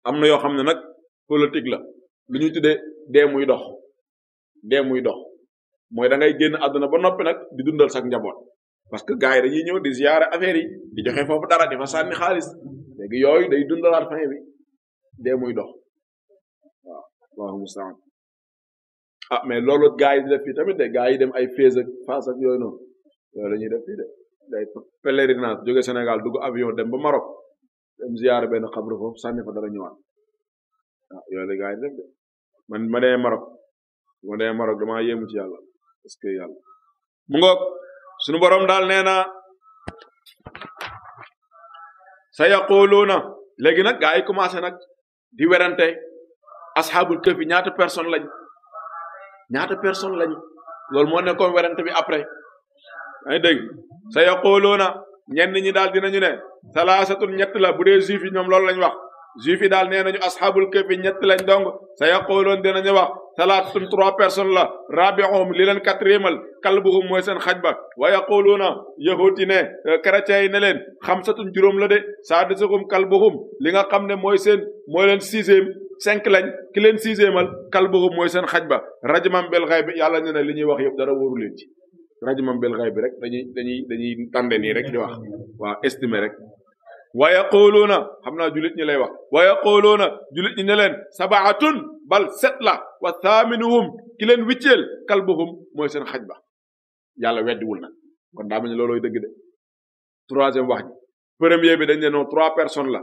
am na yoo xam ne nag politique la lu ñuy tuddee dee muy dox dee muy dox mooy da ngay génn àdduna ba noppi nag di dundal sax njaboot parce que gars yi ñëw di ziyaare affaire yi di joxe foofu dara di fa sànni xaalis léegi yooyu day dundalaat fin bi dee muy dox waaw ah loolu gars yi di def fii tamit de gars yi dem ay Fès ak Fass ak noonu loolu la def fii de day pèlerinage jóge Sénégal dugg avion dem ba Maroc dem ziyaare benn xabru foofu sànni fa dara ñëwaat ah la gars yi de ma demee Maroc ma demee Maroc damaa yéemu yàlla parce que yàlla mu ngoog sunu borom daal nee na sa yaquluuna léegi nag gars yi commencé nag di werante asxaabul këfi ñaata personne lañ ñaata personne lañu loolu moo nekkoon werante bi après ay dégg sa yaquluuna ñenn ñi daal dinañu ne salaasatun ñett la bu dee juif yi ñoom loolu lañ wax juif yi daal nee nañu asxaabul kahfi ñett lañ dong sa yaquluun dinañu wax salaasatun trois personnes la rabiuhum li leen quatrièmal kalbuhum mooy seen xaj ba wa yaquluuna yahut yi ne euh, chrétiens yi ne leen xamsatun juróom la de saadisuhum kalbuhum li nga xam ne mooy seen mooy cinq lañ ki leen sixièmal kalbuhum mooy seen xaj ba rajmam bil bi yàlla nee na li ñuy wax yëpp dara wóoru leen ci rajmam bil bi rek dañuy dañuy dañuy tànde nii rek di wax waa estimer rek wa yaquluuna xam naa julit ñi lay wax wa yaquluuna julit ñi ne leen sabaatun bal set la wa thaaminuhum ki leen wicceel kalbuhum mooy seen xaj ba yàlla weddiwul nag kon daa ni loolooy dëgg de troisième wax premier bi dañ ne non trois personnes la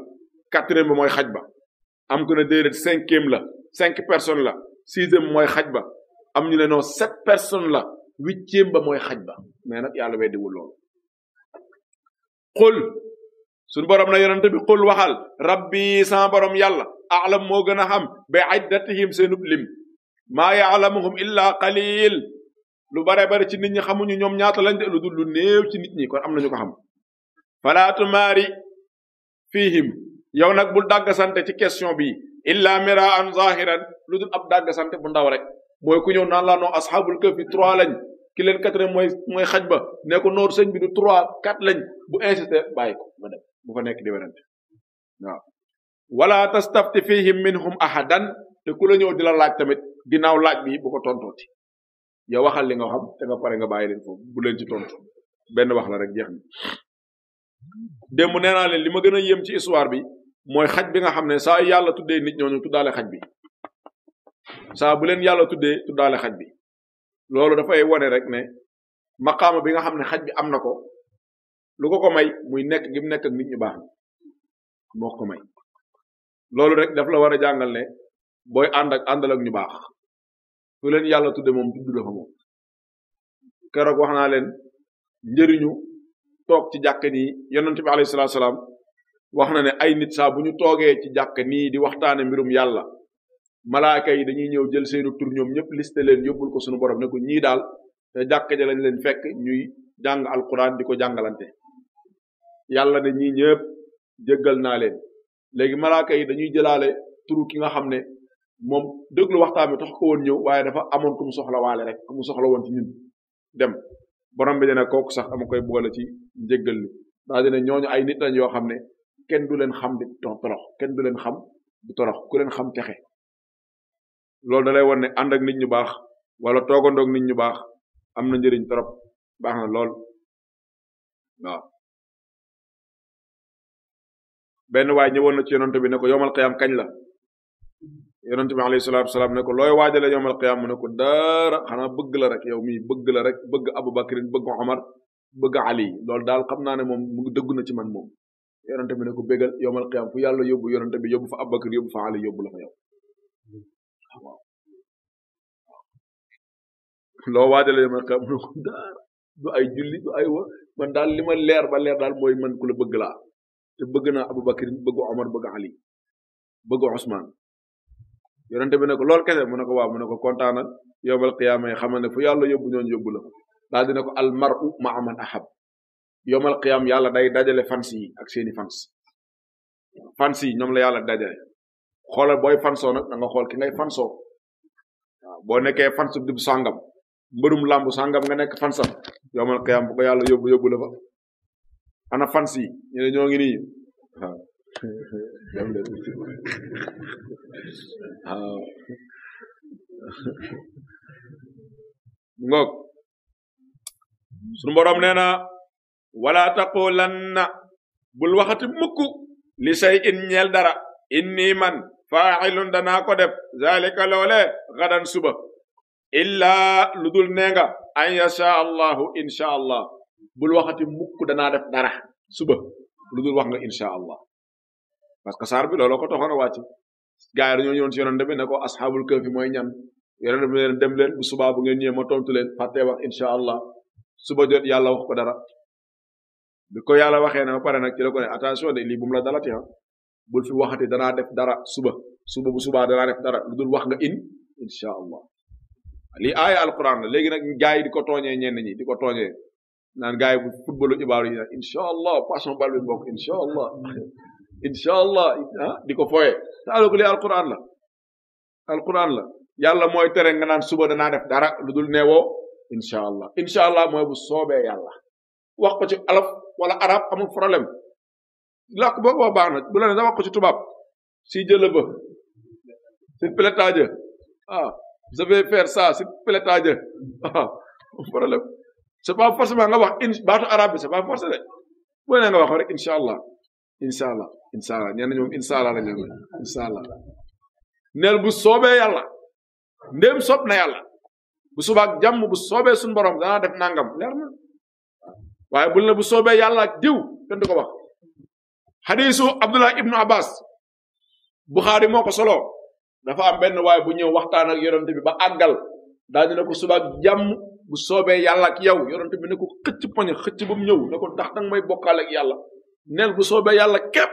quatrième bi mooy xaj ba am ko ne déedéet cinquième la cinq personnes la sixième mooy xaj ba am ñu ne non sept personnes la huitième ba mooy xaj ba mais nag yàlla weddiwul loolu xul suñ borom na yonente bi xul waxal rabbi sama borom yàlla alam moo gën a xam ba iddatihim seenub lim maa yaalamuhum illa qalil lu bare bare ci nit ñi xamuñu ñoom ñaata lañ de lu dul lu néew ci nit ñi kon am nañu ko xam fala tumari fihim yow nag bu dàgg sante ci question bi illa miraan zahiran lu dul ab dàgg sante bu ndaw rek mooy ku ñëw naan laa noo asxaabul kahfi trois lañ ki leen quatrième mooy mooy xaj ba ne ko noor sëñ bi du trois quatre lañ bu insisté bàyyi ko nga dem bu fa nekk di werante waaw wala tastafti fihim minhum ahadan te ku la ñëw di la laaj tamit ginnaaw laaj bi bu ko tontooti yow waxal li nga xam te nga pare nga bàyyi leen foofu bu leen ci tontu benn wax la rek jeex na démb nee naa li ma gën a yéem ci histoire bi mooy xaj bi nga xam ne saa yàlla tuddee nit ñooñu tuddaale xaj bi saa bu leen yàlla tuddee tuddaale xaj bi loolu dafay wane rek ne maqaama bi nga xam ne xaj bi am na ko lu ko ko may muy nekk gi mu nekk ak nit ñu baax moo ko may loolu rek daf la war a jàngal ne booy àndak ak ñu baax su leen yàlla tudde moom tudd la fa moom keroog wax naa leen njëriñu toog ci jàkka nii yonent bi alayhi salaatu salaam wax na ne ay nit saa bu ñu toogee ci jàkk nii di waxtaane mbirum yàlla malaaka yi dañuy ñëw jël seenu tur ñoom ñëpp liste leen yóbbul ko sunu borom ne ko ñii daal te jàkk ja leen fekk ñuy jàng alquran di ko jàngalante yàlla ne ñii ñëpp jéggal naa leen léegi malaaka yi dañuy jëlaale turu ki nga xam ne moom déglu waxtaan bi tax ko woon ñëw waaye dafa amoon ku mu soxla rek ku mu soxla woon ci ñun dem borom bi dina kooku sax ama koy boole ci njéggal li daa dina ñooñu ay nit yoo xam ne ken du leen xam di torox kenn du leen xam di torox ku leen xam texe loolu da lay won ne ànd ak nit baax wala toogandoog nit ñu baax am na njëriñ trop baax na lool waaw benn waay ñëwoon na ci yonent bi ne ko yowmal qiyaam kañ la yonent bi alayhi salaatu wasalaam ne ko looy waajale yowmal qiyaam mu ne ko dara xanaa bëgg la rek yow mii bëgg la rek bëgg Abu Bakrin bëgg Omar bëgg Ali loolu daal xam naa ne moom dëgg na ci man moom yonente bi ne ko bégal yomal xiyam fu yàlla yóbbu yonente bi yóbbu fa Abakar yóbbu fa Ali yóbbu la fa yow waaw loo waajale yomal xiyam mu ne ko daara du ay julli du ay wa man daal li ma leer ba leer daal mooy man ku la bëgg laa te bëgg naa Abubakar bëgg Omar bëgg Ali bëgg Ousmane yonente bi ne ko lool kese mu ne ko waaw mu ne ko kontaanal yomal xiyam xamal ne fu yàlla yóbbu ñooñu yóbbu la daal dina ko al mar'u ma'a man ahab yomal qiyaam yàlla day dajale fans yi ak seeni fans fans yi ñoom la yàlla dajale xoolal booy fansoo nag da nga xool ki ngay fansoo waaw boo nekkee fans dib sàngam mbërum làmb sàngam nga nekk fansam yomal qiyaam bu ko yàlla yóbbu la fa ana fans yi ñu ne ñoo ngi nii waaw ngoog wala taqulanna bul waxati mukku li shay'in ñel dara inni man fa'ilun dana ko def zalika lole gadan suba illa ludul nenga an yasha allah insha allah bul waxati mukku dana def dara suba ludul wax nga insha allah parce que sar bi lolo ko toxono wati gaay ñoo ñoon ci yonande bi nako ashabul kahf moy ñam yonande bi leen dem leen bu suba bu ngeen ñe ma tontu leen fatte wax insha allah suba jot yalla wax ko dara bi ko yàlla waxee na ba pare nag ci la ko ne attention de lii bu mu la dalati ah bul fi waxati dana def dara suba suba bu suba danaa def dara lu dul wax nga in insha allah lii alquran la léegi nag gaay di ko toñe ñen ñi di ko toñe nan gaay bu football ibaaru yi insha allah passion bal bi mbokk insha allah insha allah ah, di ko foye li alquran la alquran la yalla moy tere nga nan suba dana def dara lu dul newo insha allah insha allah bu sobe yalla wax ko ci olof wala arab amul problème làkk boo ko wax baax na bu la ne da wax ko ci tubaab si jëla ba s'il plaît taaja ah je vais faire ça s'il plaît taaja ah problème c'est pas forcément nga wax in baatu arabe bi c'est pas forcé de boo nee nga wax rek incha allah incha allah incha allah ñenn ñoom bu soobee yàlla ndéem soob na yàlla bu subaak jàmm bu soobee suñu borom danaa def nangam leer na. waaye bul ne bu soobee yàlla ak diw kenn du ko wax xadiisu abdullah ibnu abbas buxaari moo ko solo dafa am benn waaye bu ñëw waxtaan ak yonent bi ba àggal daañu ne ko subaak jàmm bu soobee yàlla ak yow yonent bi ko xëcc poñe xëcc ba mu ñëw ne ndax danga may bokkaale yàlla neel bu soobee yàlla képp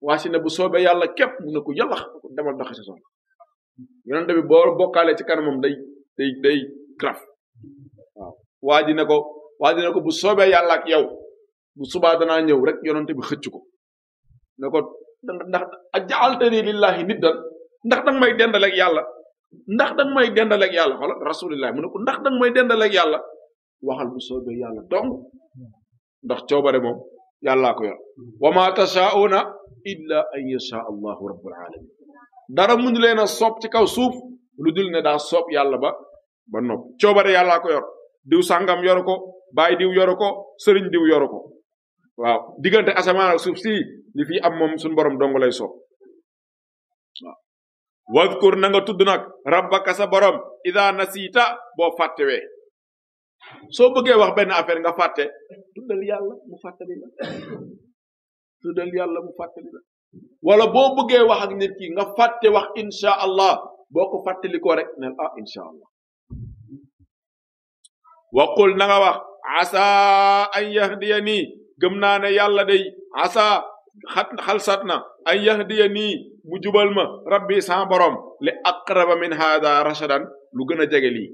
waa si ne bu soobee yàlla képp mu ne ko yàlla demal doxi sa soxla yonent bi boo bokkaale ci kanamam day day day graf waa ji ne ko waa dina ko bu soobee yàlla ak yow bu subaa danaa ñëw rek yonante bi xëcc ko ne ko ndax a jaaltani lillahi niddan ndax danga may dendaleeg yàlla ndax danga may dendaleeg yàlla xoolal rasulillah mu ndax danga may dendaleeg yàlla waxal bu soobee yàlla dong ndax coobare moom yàllaa ko yor wa ma tashaa'una illa an yashaa allahu rabbul alamin dara muñu leen soob ci kaw suuf lu dul ne daa soob yàlla ba ba nopp coobare yàllaa ko yor diw sàngam yoru ko baay diw yoru ko sëriñ diw yoru ko waaw diggante asamaan suuf si li fi am moom suñu borom dong lay soob waaw wadkur na nga tudd nag rabbaka sa borom ida nasiita boo fàttewee soo bëggee wax benn affaire nga fàtte tuddal yàlla mu fàttali la yàlla mu fàttali wala boo bëggee wax ak nit ki nga fàtte wax incha allah boo ko fàttalikoo rek nel ah incha allah waqul na nga wax asa an yahdiya nii gëm naa ne yàlla day asa xat xalsat na an yahdiya nii mu jubal ma rabbi san borom li aqraba min hada rashadan lu gën a jege lii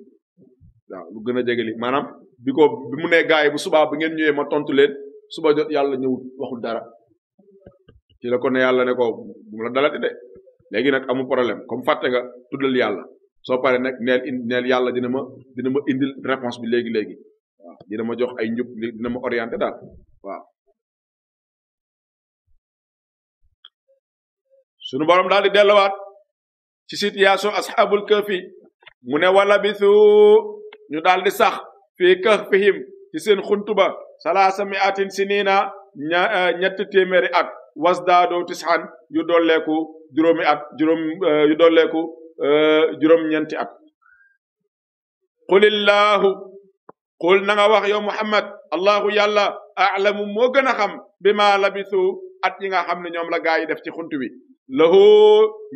waaw lu gën a jege lii maanaam bi ko bi mu ne gaay bu subaa bi ngeen ñëwee ma tontu leen suba jot yàlla ñëwut waxul dara ci la ko ne yàlla ne ko bu mu la dalati de léegi nag amul problème comme fàtte nga tuddal yàlla soo paree nag neel yàlla dina ma dina ma indil réponse bi léegi léegi dina ma jox ay njub dina ma orienté daal waaw. sunu borom daal di delluwaat ci situation asxaabul kahfi mu ne wala bisu ñu daal di sax fii kahfihim ci seen xuntuba salaasa si sinina ña eh, ñetti téeméeri at wasdaadoo tisxan yu dolleeku juróomi at juróom eh, yu dolleeku. Euh, juróom-ñeenti at qulillaahu qul na wax yow muhammad allahu yàlla alamu moo gën a xam bi ma labisu at yi nga xam ne ñoom la gaa yi def ci xunt wi lahu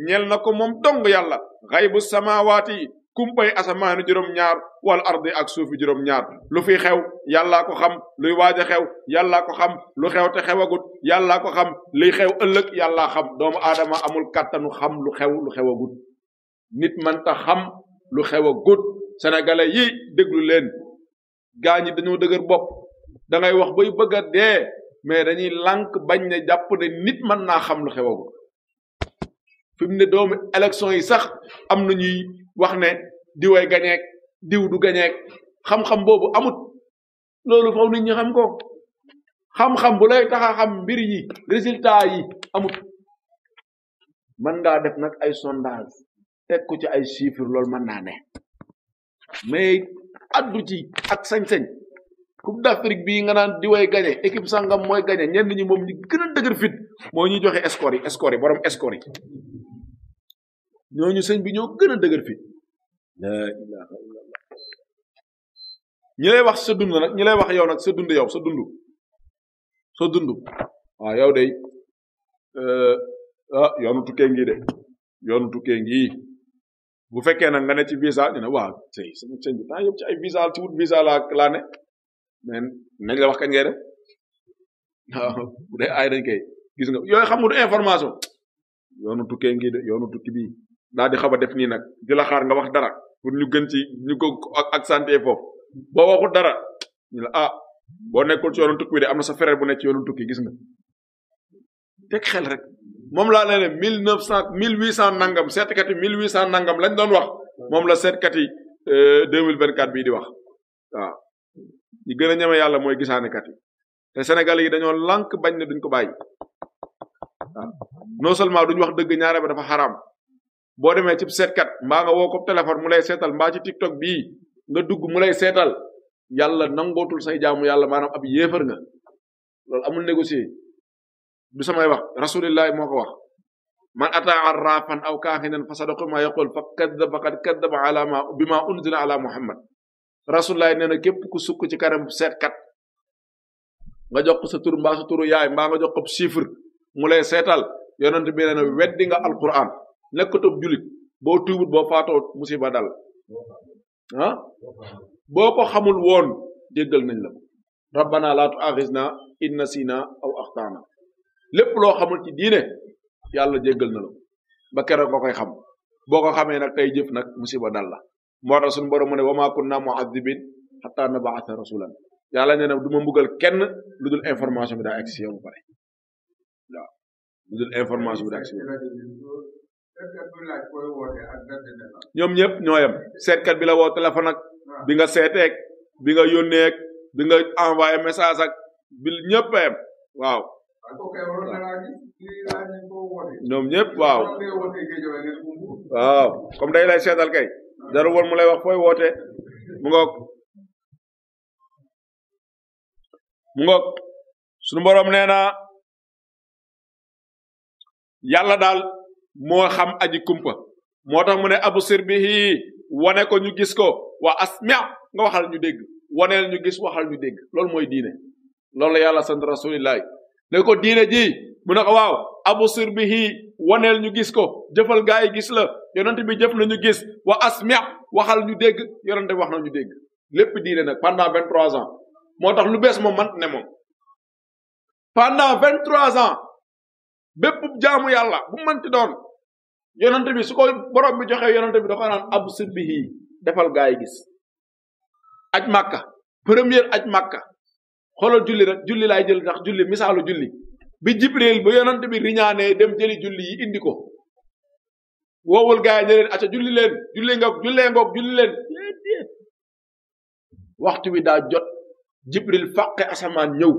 ñel na ko moom dong yàlla xaybu samawaati kumpay asamaanu juróom-ñaar wal ardi ak suufi juróom-ñaar lu fi xew yàllaa ko xam luy waaj xew yàllaa xam lu xew te xewagut yàllaa ko xam luy xew ëllëg yàllaa xam doomu aadama amul kàttanu xam lu xew lu xewagut nit mënta xam lu xew a gut sénégalais yi déglu leen gaa ñi dañoo dëgër bopp da ngay wax bay bëgg a dee mais dañuy lànk bañ ne jàpp ne nit mën naa xam lu xew a gut fi mu ne doomu élection yi sax am na ñuy wax ne diway gañeek diw du gañeek xam-xam boobu amut loolu faw nit ñi xam ko xam-xam bu lay taxa xam mbir yi résultat yi amut mën ngaa def nag ay sondage teg ko ci ay chiffres lool mën naa ne mais addu ci ak sañ-sañ coupe d'Afrique bi nga naan di way gagné équipe sangam mooy gagné ñenn ñi moom ñu gën a dëgër fit moo ñuy joxe score yi score yi borom score yi sëñ bi ñoo gën a dëgër fit ñi lay wax sa dund nag ñi lay wax yow nag sa dund yow sa dund sa dund waaw yow day euh, ah yoonu tukkee ngi de yoonu tukkee ngi bu fekkee nag nga ne ci visa ñu ne waaw tey sama ci ay visa ci wut visa laa la wax kañ ngay def bu dee aay dañ koy gis nga yooyu xamul information yoonu tukkee ngi de tukki bii daal di xaw a def nii nag di la xaar nga wax dara pour ñu gën ci ñu ko ak santé foofu boo waxul dara ñu la ah boo nekkul ci yoonu tukki bi de am na sa frère bu nekk ci yoonu tukki gis nga teg xel rek moom laa leen mille neuf cent mille huit cent nangam seetkat yi mille huit cent nangam lañ doon wax moom la seetkat yi euh, deux mille vingt quatre bii di wax waaw ñi gën a ñeme yàlla mooy gisaanekat yi te Sénégal yi dañoo lànk bañ ne duñ ko bàyyi waaw non seulement duñ wax dëgg ñaare ba dafa xaraam boo demee ci seetkat mbaa nga woo ko téléphone mu lay seetal mbaa ci TikTok bii nga dugg mu lay seetal yàlla nangootul say jaamu yàlla maanaam ab yéefar nga loolu amul négocier du samay wax rasulillah moko wax man ata arrafan aw kahinan fa ma yaqul fa kadaba qad kadhaba ala ma bima unzila ala muhammad rasulillah neena kep ku suk ci karam set kat nga jox ko sa tur mba sa turu yaay mba nga jox ko chiffre mu lay setal yonent bi neena weddi nga alquran nekkatub julit bo tuubut bo faatoo musiba dal ah boko xamul won jéggal nañ la ربنا لا تؤاخذنا ان نسينا او اخطانا lépp loo xamul ci diine yàlla jéggal na la ba keroog nga koy xam boo ko xamee nag tey jëf nag musiba dal la moo tax suñu borom mu ne wa ma kunna mu'adibin hatta nabaata rasulan yàlla nee na du ma mbugal kenn lu dul information bi daa lu dul information bi daa egg si yow ñoom ñëpp ñoo yem seetkat bi la woo téléphone ak bi nga seeteeg bi nga yónneeg bi nga envoyé message ak bi ñëpp waaw ñoom ñëpp waaw waaw comme day lay seetal kay jarul woon mu lay wax fooy woote mu ngoog mu ngoog suñu boroom nee na yàlla daal moo xam aji kumpa moo tax mu ne absir bihi wane ko ñu gis ko wa asmi nga waxal ñu dégg waneel ñu gis waxal ñu dégg loolu mooy diine loolu la yàlla sant rasulillahi ne ko diine ji mu ne ko waaw abusir bihi waneel ñu gis ko jëfal gaa yi gis la yonent bi jëf na ñu gis wa as asmi waxal ñu dégg yonent bi wax na ñu dégg lépp diine nag pendant vingt trois ans moo tax lu bees moom man ne moom pendant vingt trois ans bépp jaamu yàlla bu mënti doon yonent bi su ko borom bi joxe yonent bi da ko naan abusir defal gaa yi gis aj màkka première aj màkka xoolal julli rek julli jël ndax julli misaalu julli bi jibril ba yonent bi riñaanee dem jëli julli yi indi ko woowul gaa yi ne leen acca julli leen julli nga jullee ngoog julli leen waxtu wi daa jot jibril fàqe asamaan ñëw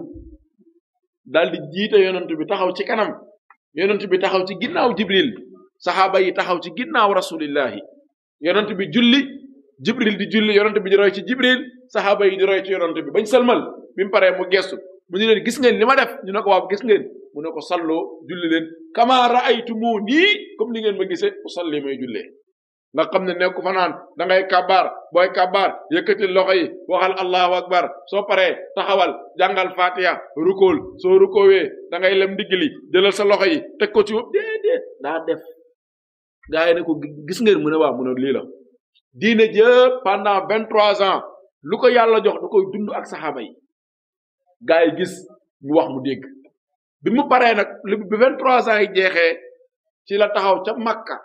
daal di jiite yonent bi taxaw ci kanam yonent bi taxaw ci ginnaaw jibril saxaaba yi taxaw ci ginnaaw rasulillahi yonent bi julli jibril di julli yonante bi di roy ci jibril saxaaba yi di roy ci yonante bi bañ sëlmal bi pare mu gestu mu ni leen gis ngeen li ma def ñu ne ko waaw gis ngeen mu ne ko salloo julli leen kama raaytumuni comme ni ngeen ma gisee usalli may jullee nga xam ne nekku fa naan dangay ngay kabaar booy kabaar yëkkati loxo yi waxal allahu akbar soo paree taxawal jàngal fatiha rukool soo rukoowee da ngay lem ndigg li jëlal sa loxo yi teg ko ci wëpp déedéet daa def gaa ko gis ngeen mu ne waaw mu lii la diine je pendant 23 ans lu ko yàlla jox da koy dund ak saxaaba yi gaay gis ñu wax mu dégg bi mu paree nag li bi 23 ans yi jeexee ci la taxaw ca makka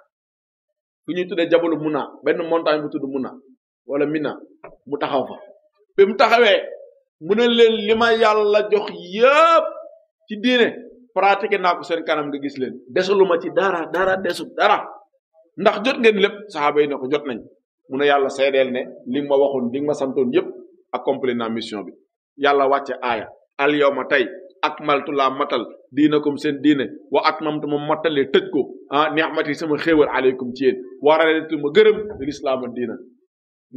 fu ñuy jabalu muna benn montagne bu tudd muna wala mina mu taxaw fa bi mu taxawee mu ne leen li ma yàlla jox yépp ci diine pratiqué naa ko seen kanam nga gis leen desuluma ci dara dara desu dara ndax jot ngeen lépp saxaaba yi ne jot nañ mu ne yàlla seedeel ne li ma waxoon li ma santoon yépp accompli naa mission bi yàlla wàcce aaya al yawma tey akmaltu laa matal diinakum seen diine wa atmamtu ma mattalee tëj ko ah ni'mati sama xéewal aleykum ci yéen wa raditu ma gërëm lislaama diina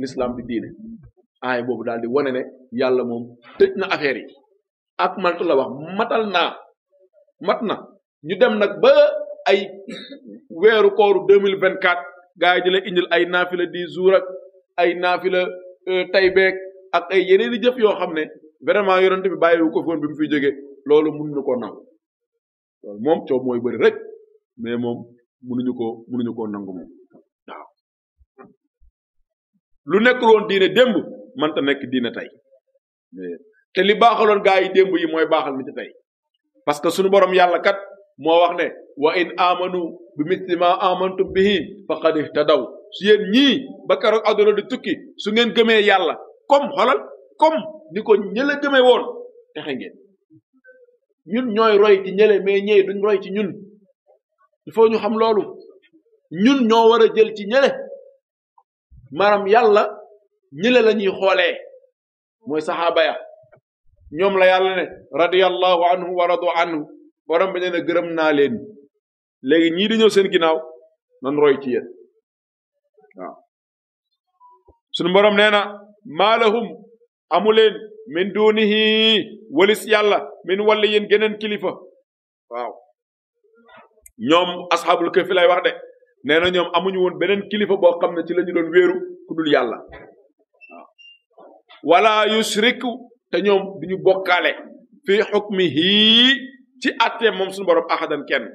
lislaam bi diine aaya boobu daal di wane ne yàlla moom tëj na affaire yi akmaltu la wax matal naa mat na ñu dem nag ba ay weeru kooru gaa yi di la indil ay naafila di jour ak ay naafila euh, tay beeg ak ay yeneen i jëf yoo xam ne vraiment yonent bi bàyyiwu ko foon bi mu fi jege loolu mënuñu koo nangu loolu moom coow mooy bari rek mais moom mënuñu koo mënuñu koo nangu moom waaw lu nekkul woon diine démb mënta nekk diina tey te li baaxaloon gaa yi démb yi mooy baaxal ni ci tey parce que suñu borom yàlla kat moo wax ne wa in amanu bi misli ma amantum bihi faqad ihtadaw su yéen ñii ba keroog àdduna di tukki su ngeen gëmee yàlla comme xolal comme ni ko ñële gëme woon texe ngeen ñun ñooy roy ci ñële mais ñëy duñ roy ci ñun il faut ñu xam loolu ñun ñoo war a jël ci ñële maanaam yàlla ñële la ñuy xoolee mooy saxaaba ya ñoom la yàlla ne radiyallahu anhu wa radu anhu bi nee na gërëm naa leen léegi ñii di ñëw seen ginnaaw nan roy ci yéen sunu borom nee na maalahum amuleen min dunihi walis yàlla min wala yéen geneen kilifa waaw ñoom asxaabul kahfi lay wax de nee na ñoom amuñu woon beneen kilifa boo xam na ci lañu ñu doon wéeru ku dul yàlla waaw wala yusriku te ñoom duñu bokkaale fi xukmihi ci àttee moom sunu borom ahadan kenn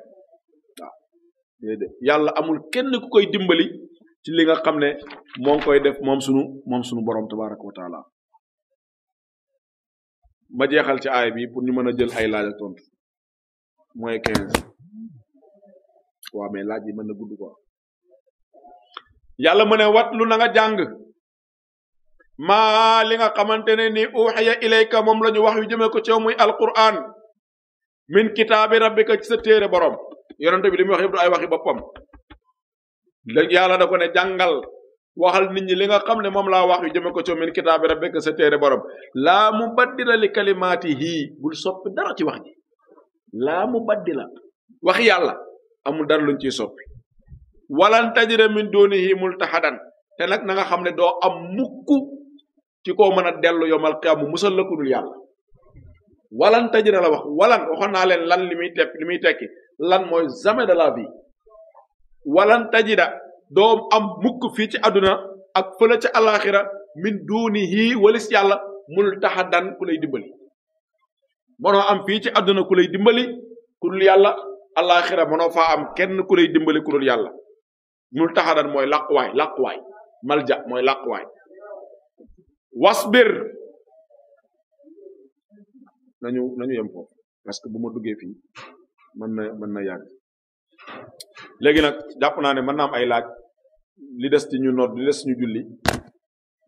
déedéet yàlla amul kenn ku koy dimbali ci li nga xam ne moo ngi koy def moom sunu moom sunu borom tabaraka wa taala ma jeexal ci aay bi pour ñu mën a jël ay laaj ak tontu mooy quinze waaw mais laaj yi mën na gudd quoi yàlla mu ne wat lu jàng maa li nga xamante ne ni uxiya ilayka moom la ñu wax yu jëmee ko ci muy alquran min kitaabi rabbika ci sa téere boroom yonente bi li mu wax yëpp du ay waxi boppam léegi yàlla da ko ne jàngal waxal nit ñi li nga xam ne moom laa wax yu jëme ko ci min kitaabi rabbika sa téere borom la mu baddila li kalimaatihi bul soppi dara ci wax ji laa mu baddila wax yàlla amul dara luñ ci soppi walan tajida min dunihi multahadan te nag na nga xam ne doo am mukk ci koo mën a dellu yomal qiyaam mu musal la ku dul yàlla walan tajida la wax walan waxoon leen lan li muy tepp li muy lan mooy jamais de la vie walan tajida doom am mukk fii ci àdduna ak fële ca alaxira min duunihi walis yàlla mul taxadan ku lay dimbali mënoo am fii ci àdduna ku lay dimbali ku dul yàlla alaxira mënoo faa am kenn ku lay dimbali ku dul yàlla mul taxadan mooy làquwaay làquwaay malja mooy làquwaay wasbir nañu nañu yem foofu parce que bu ma duggee fii Mwen na yak Le gen ak, japon ane, mwen nam ay lak Li desti nyon not, li desti nyon gylli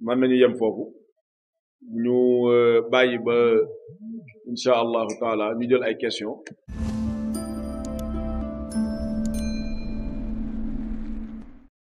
Mwen na nyon yem fo pou Nou eh, bayi be Insha Allah Mwen jel ay kesyon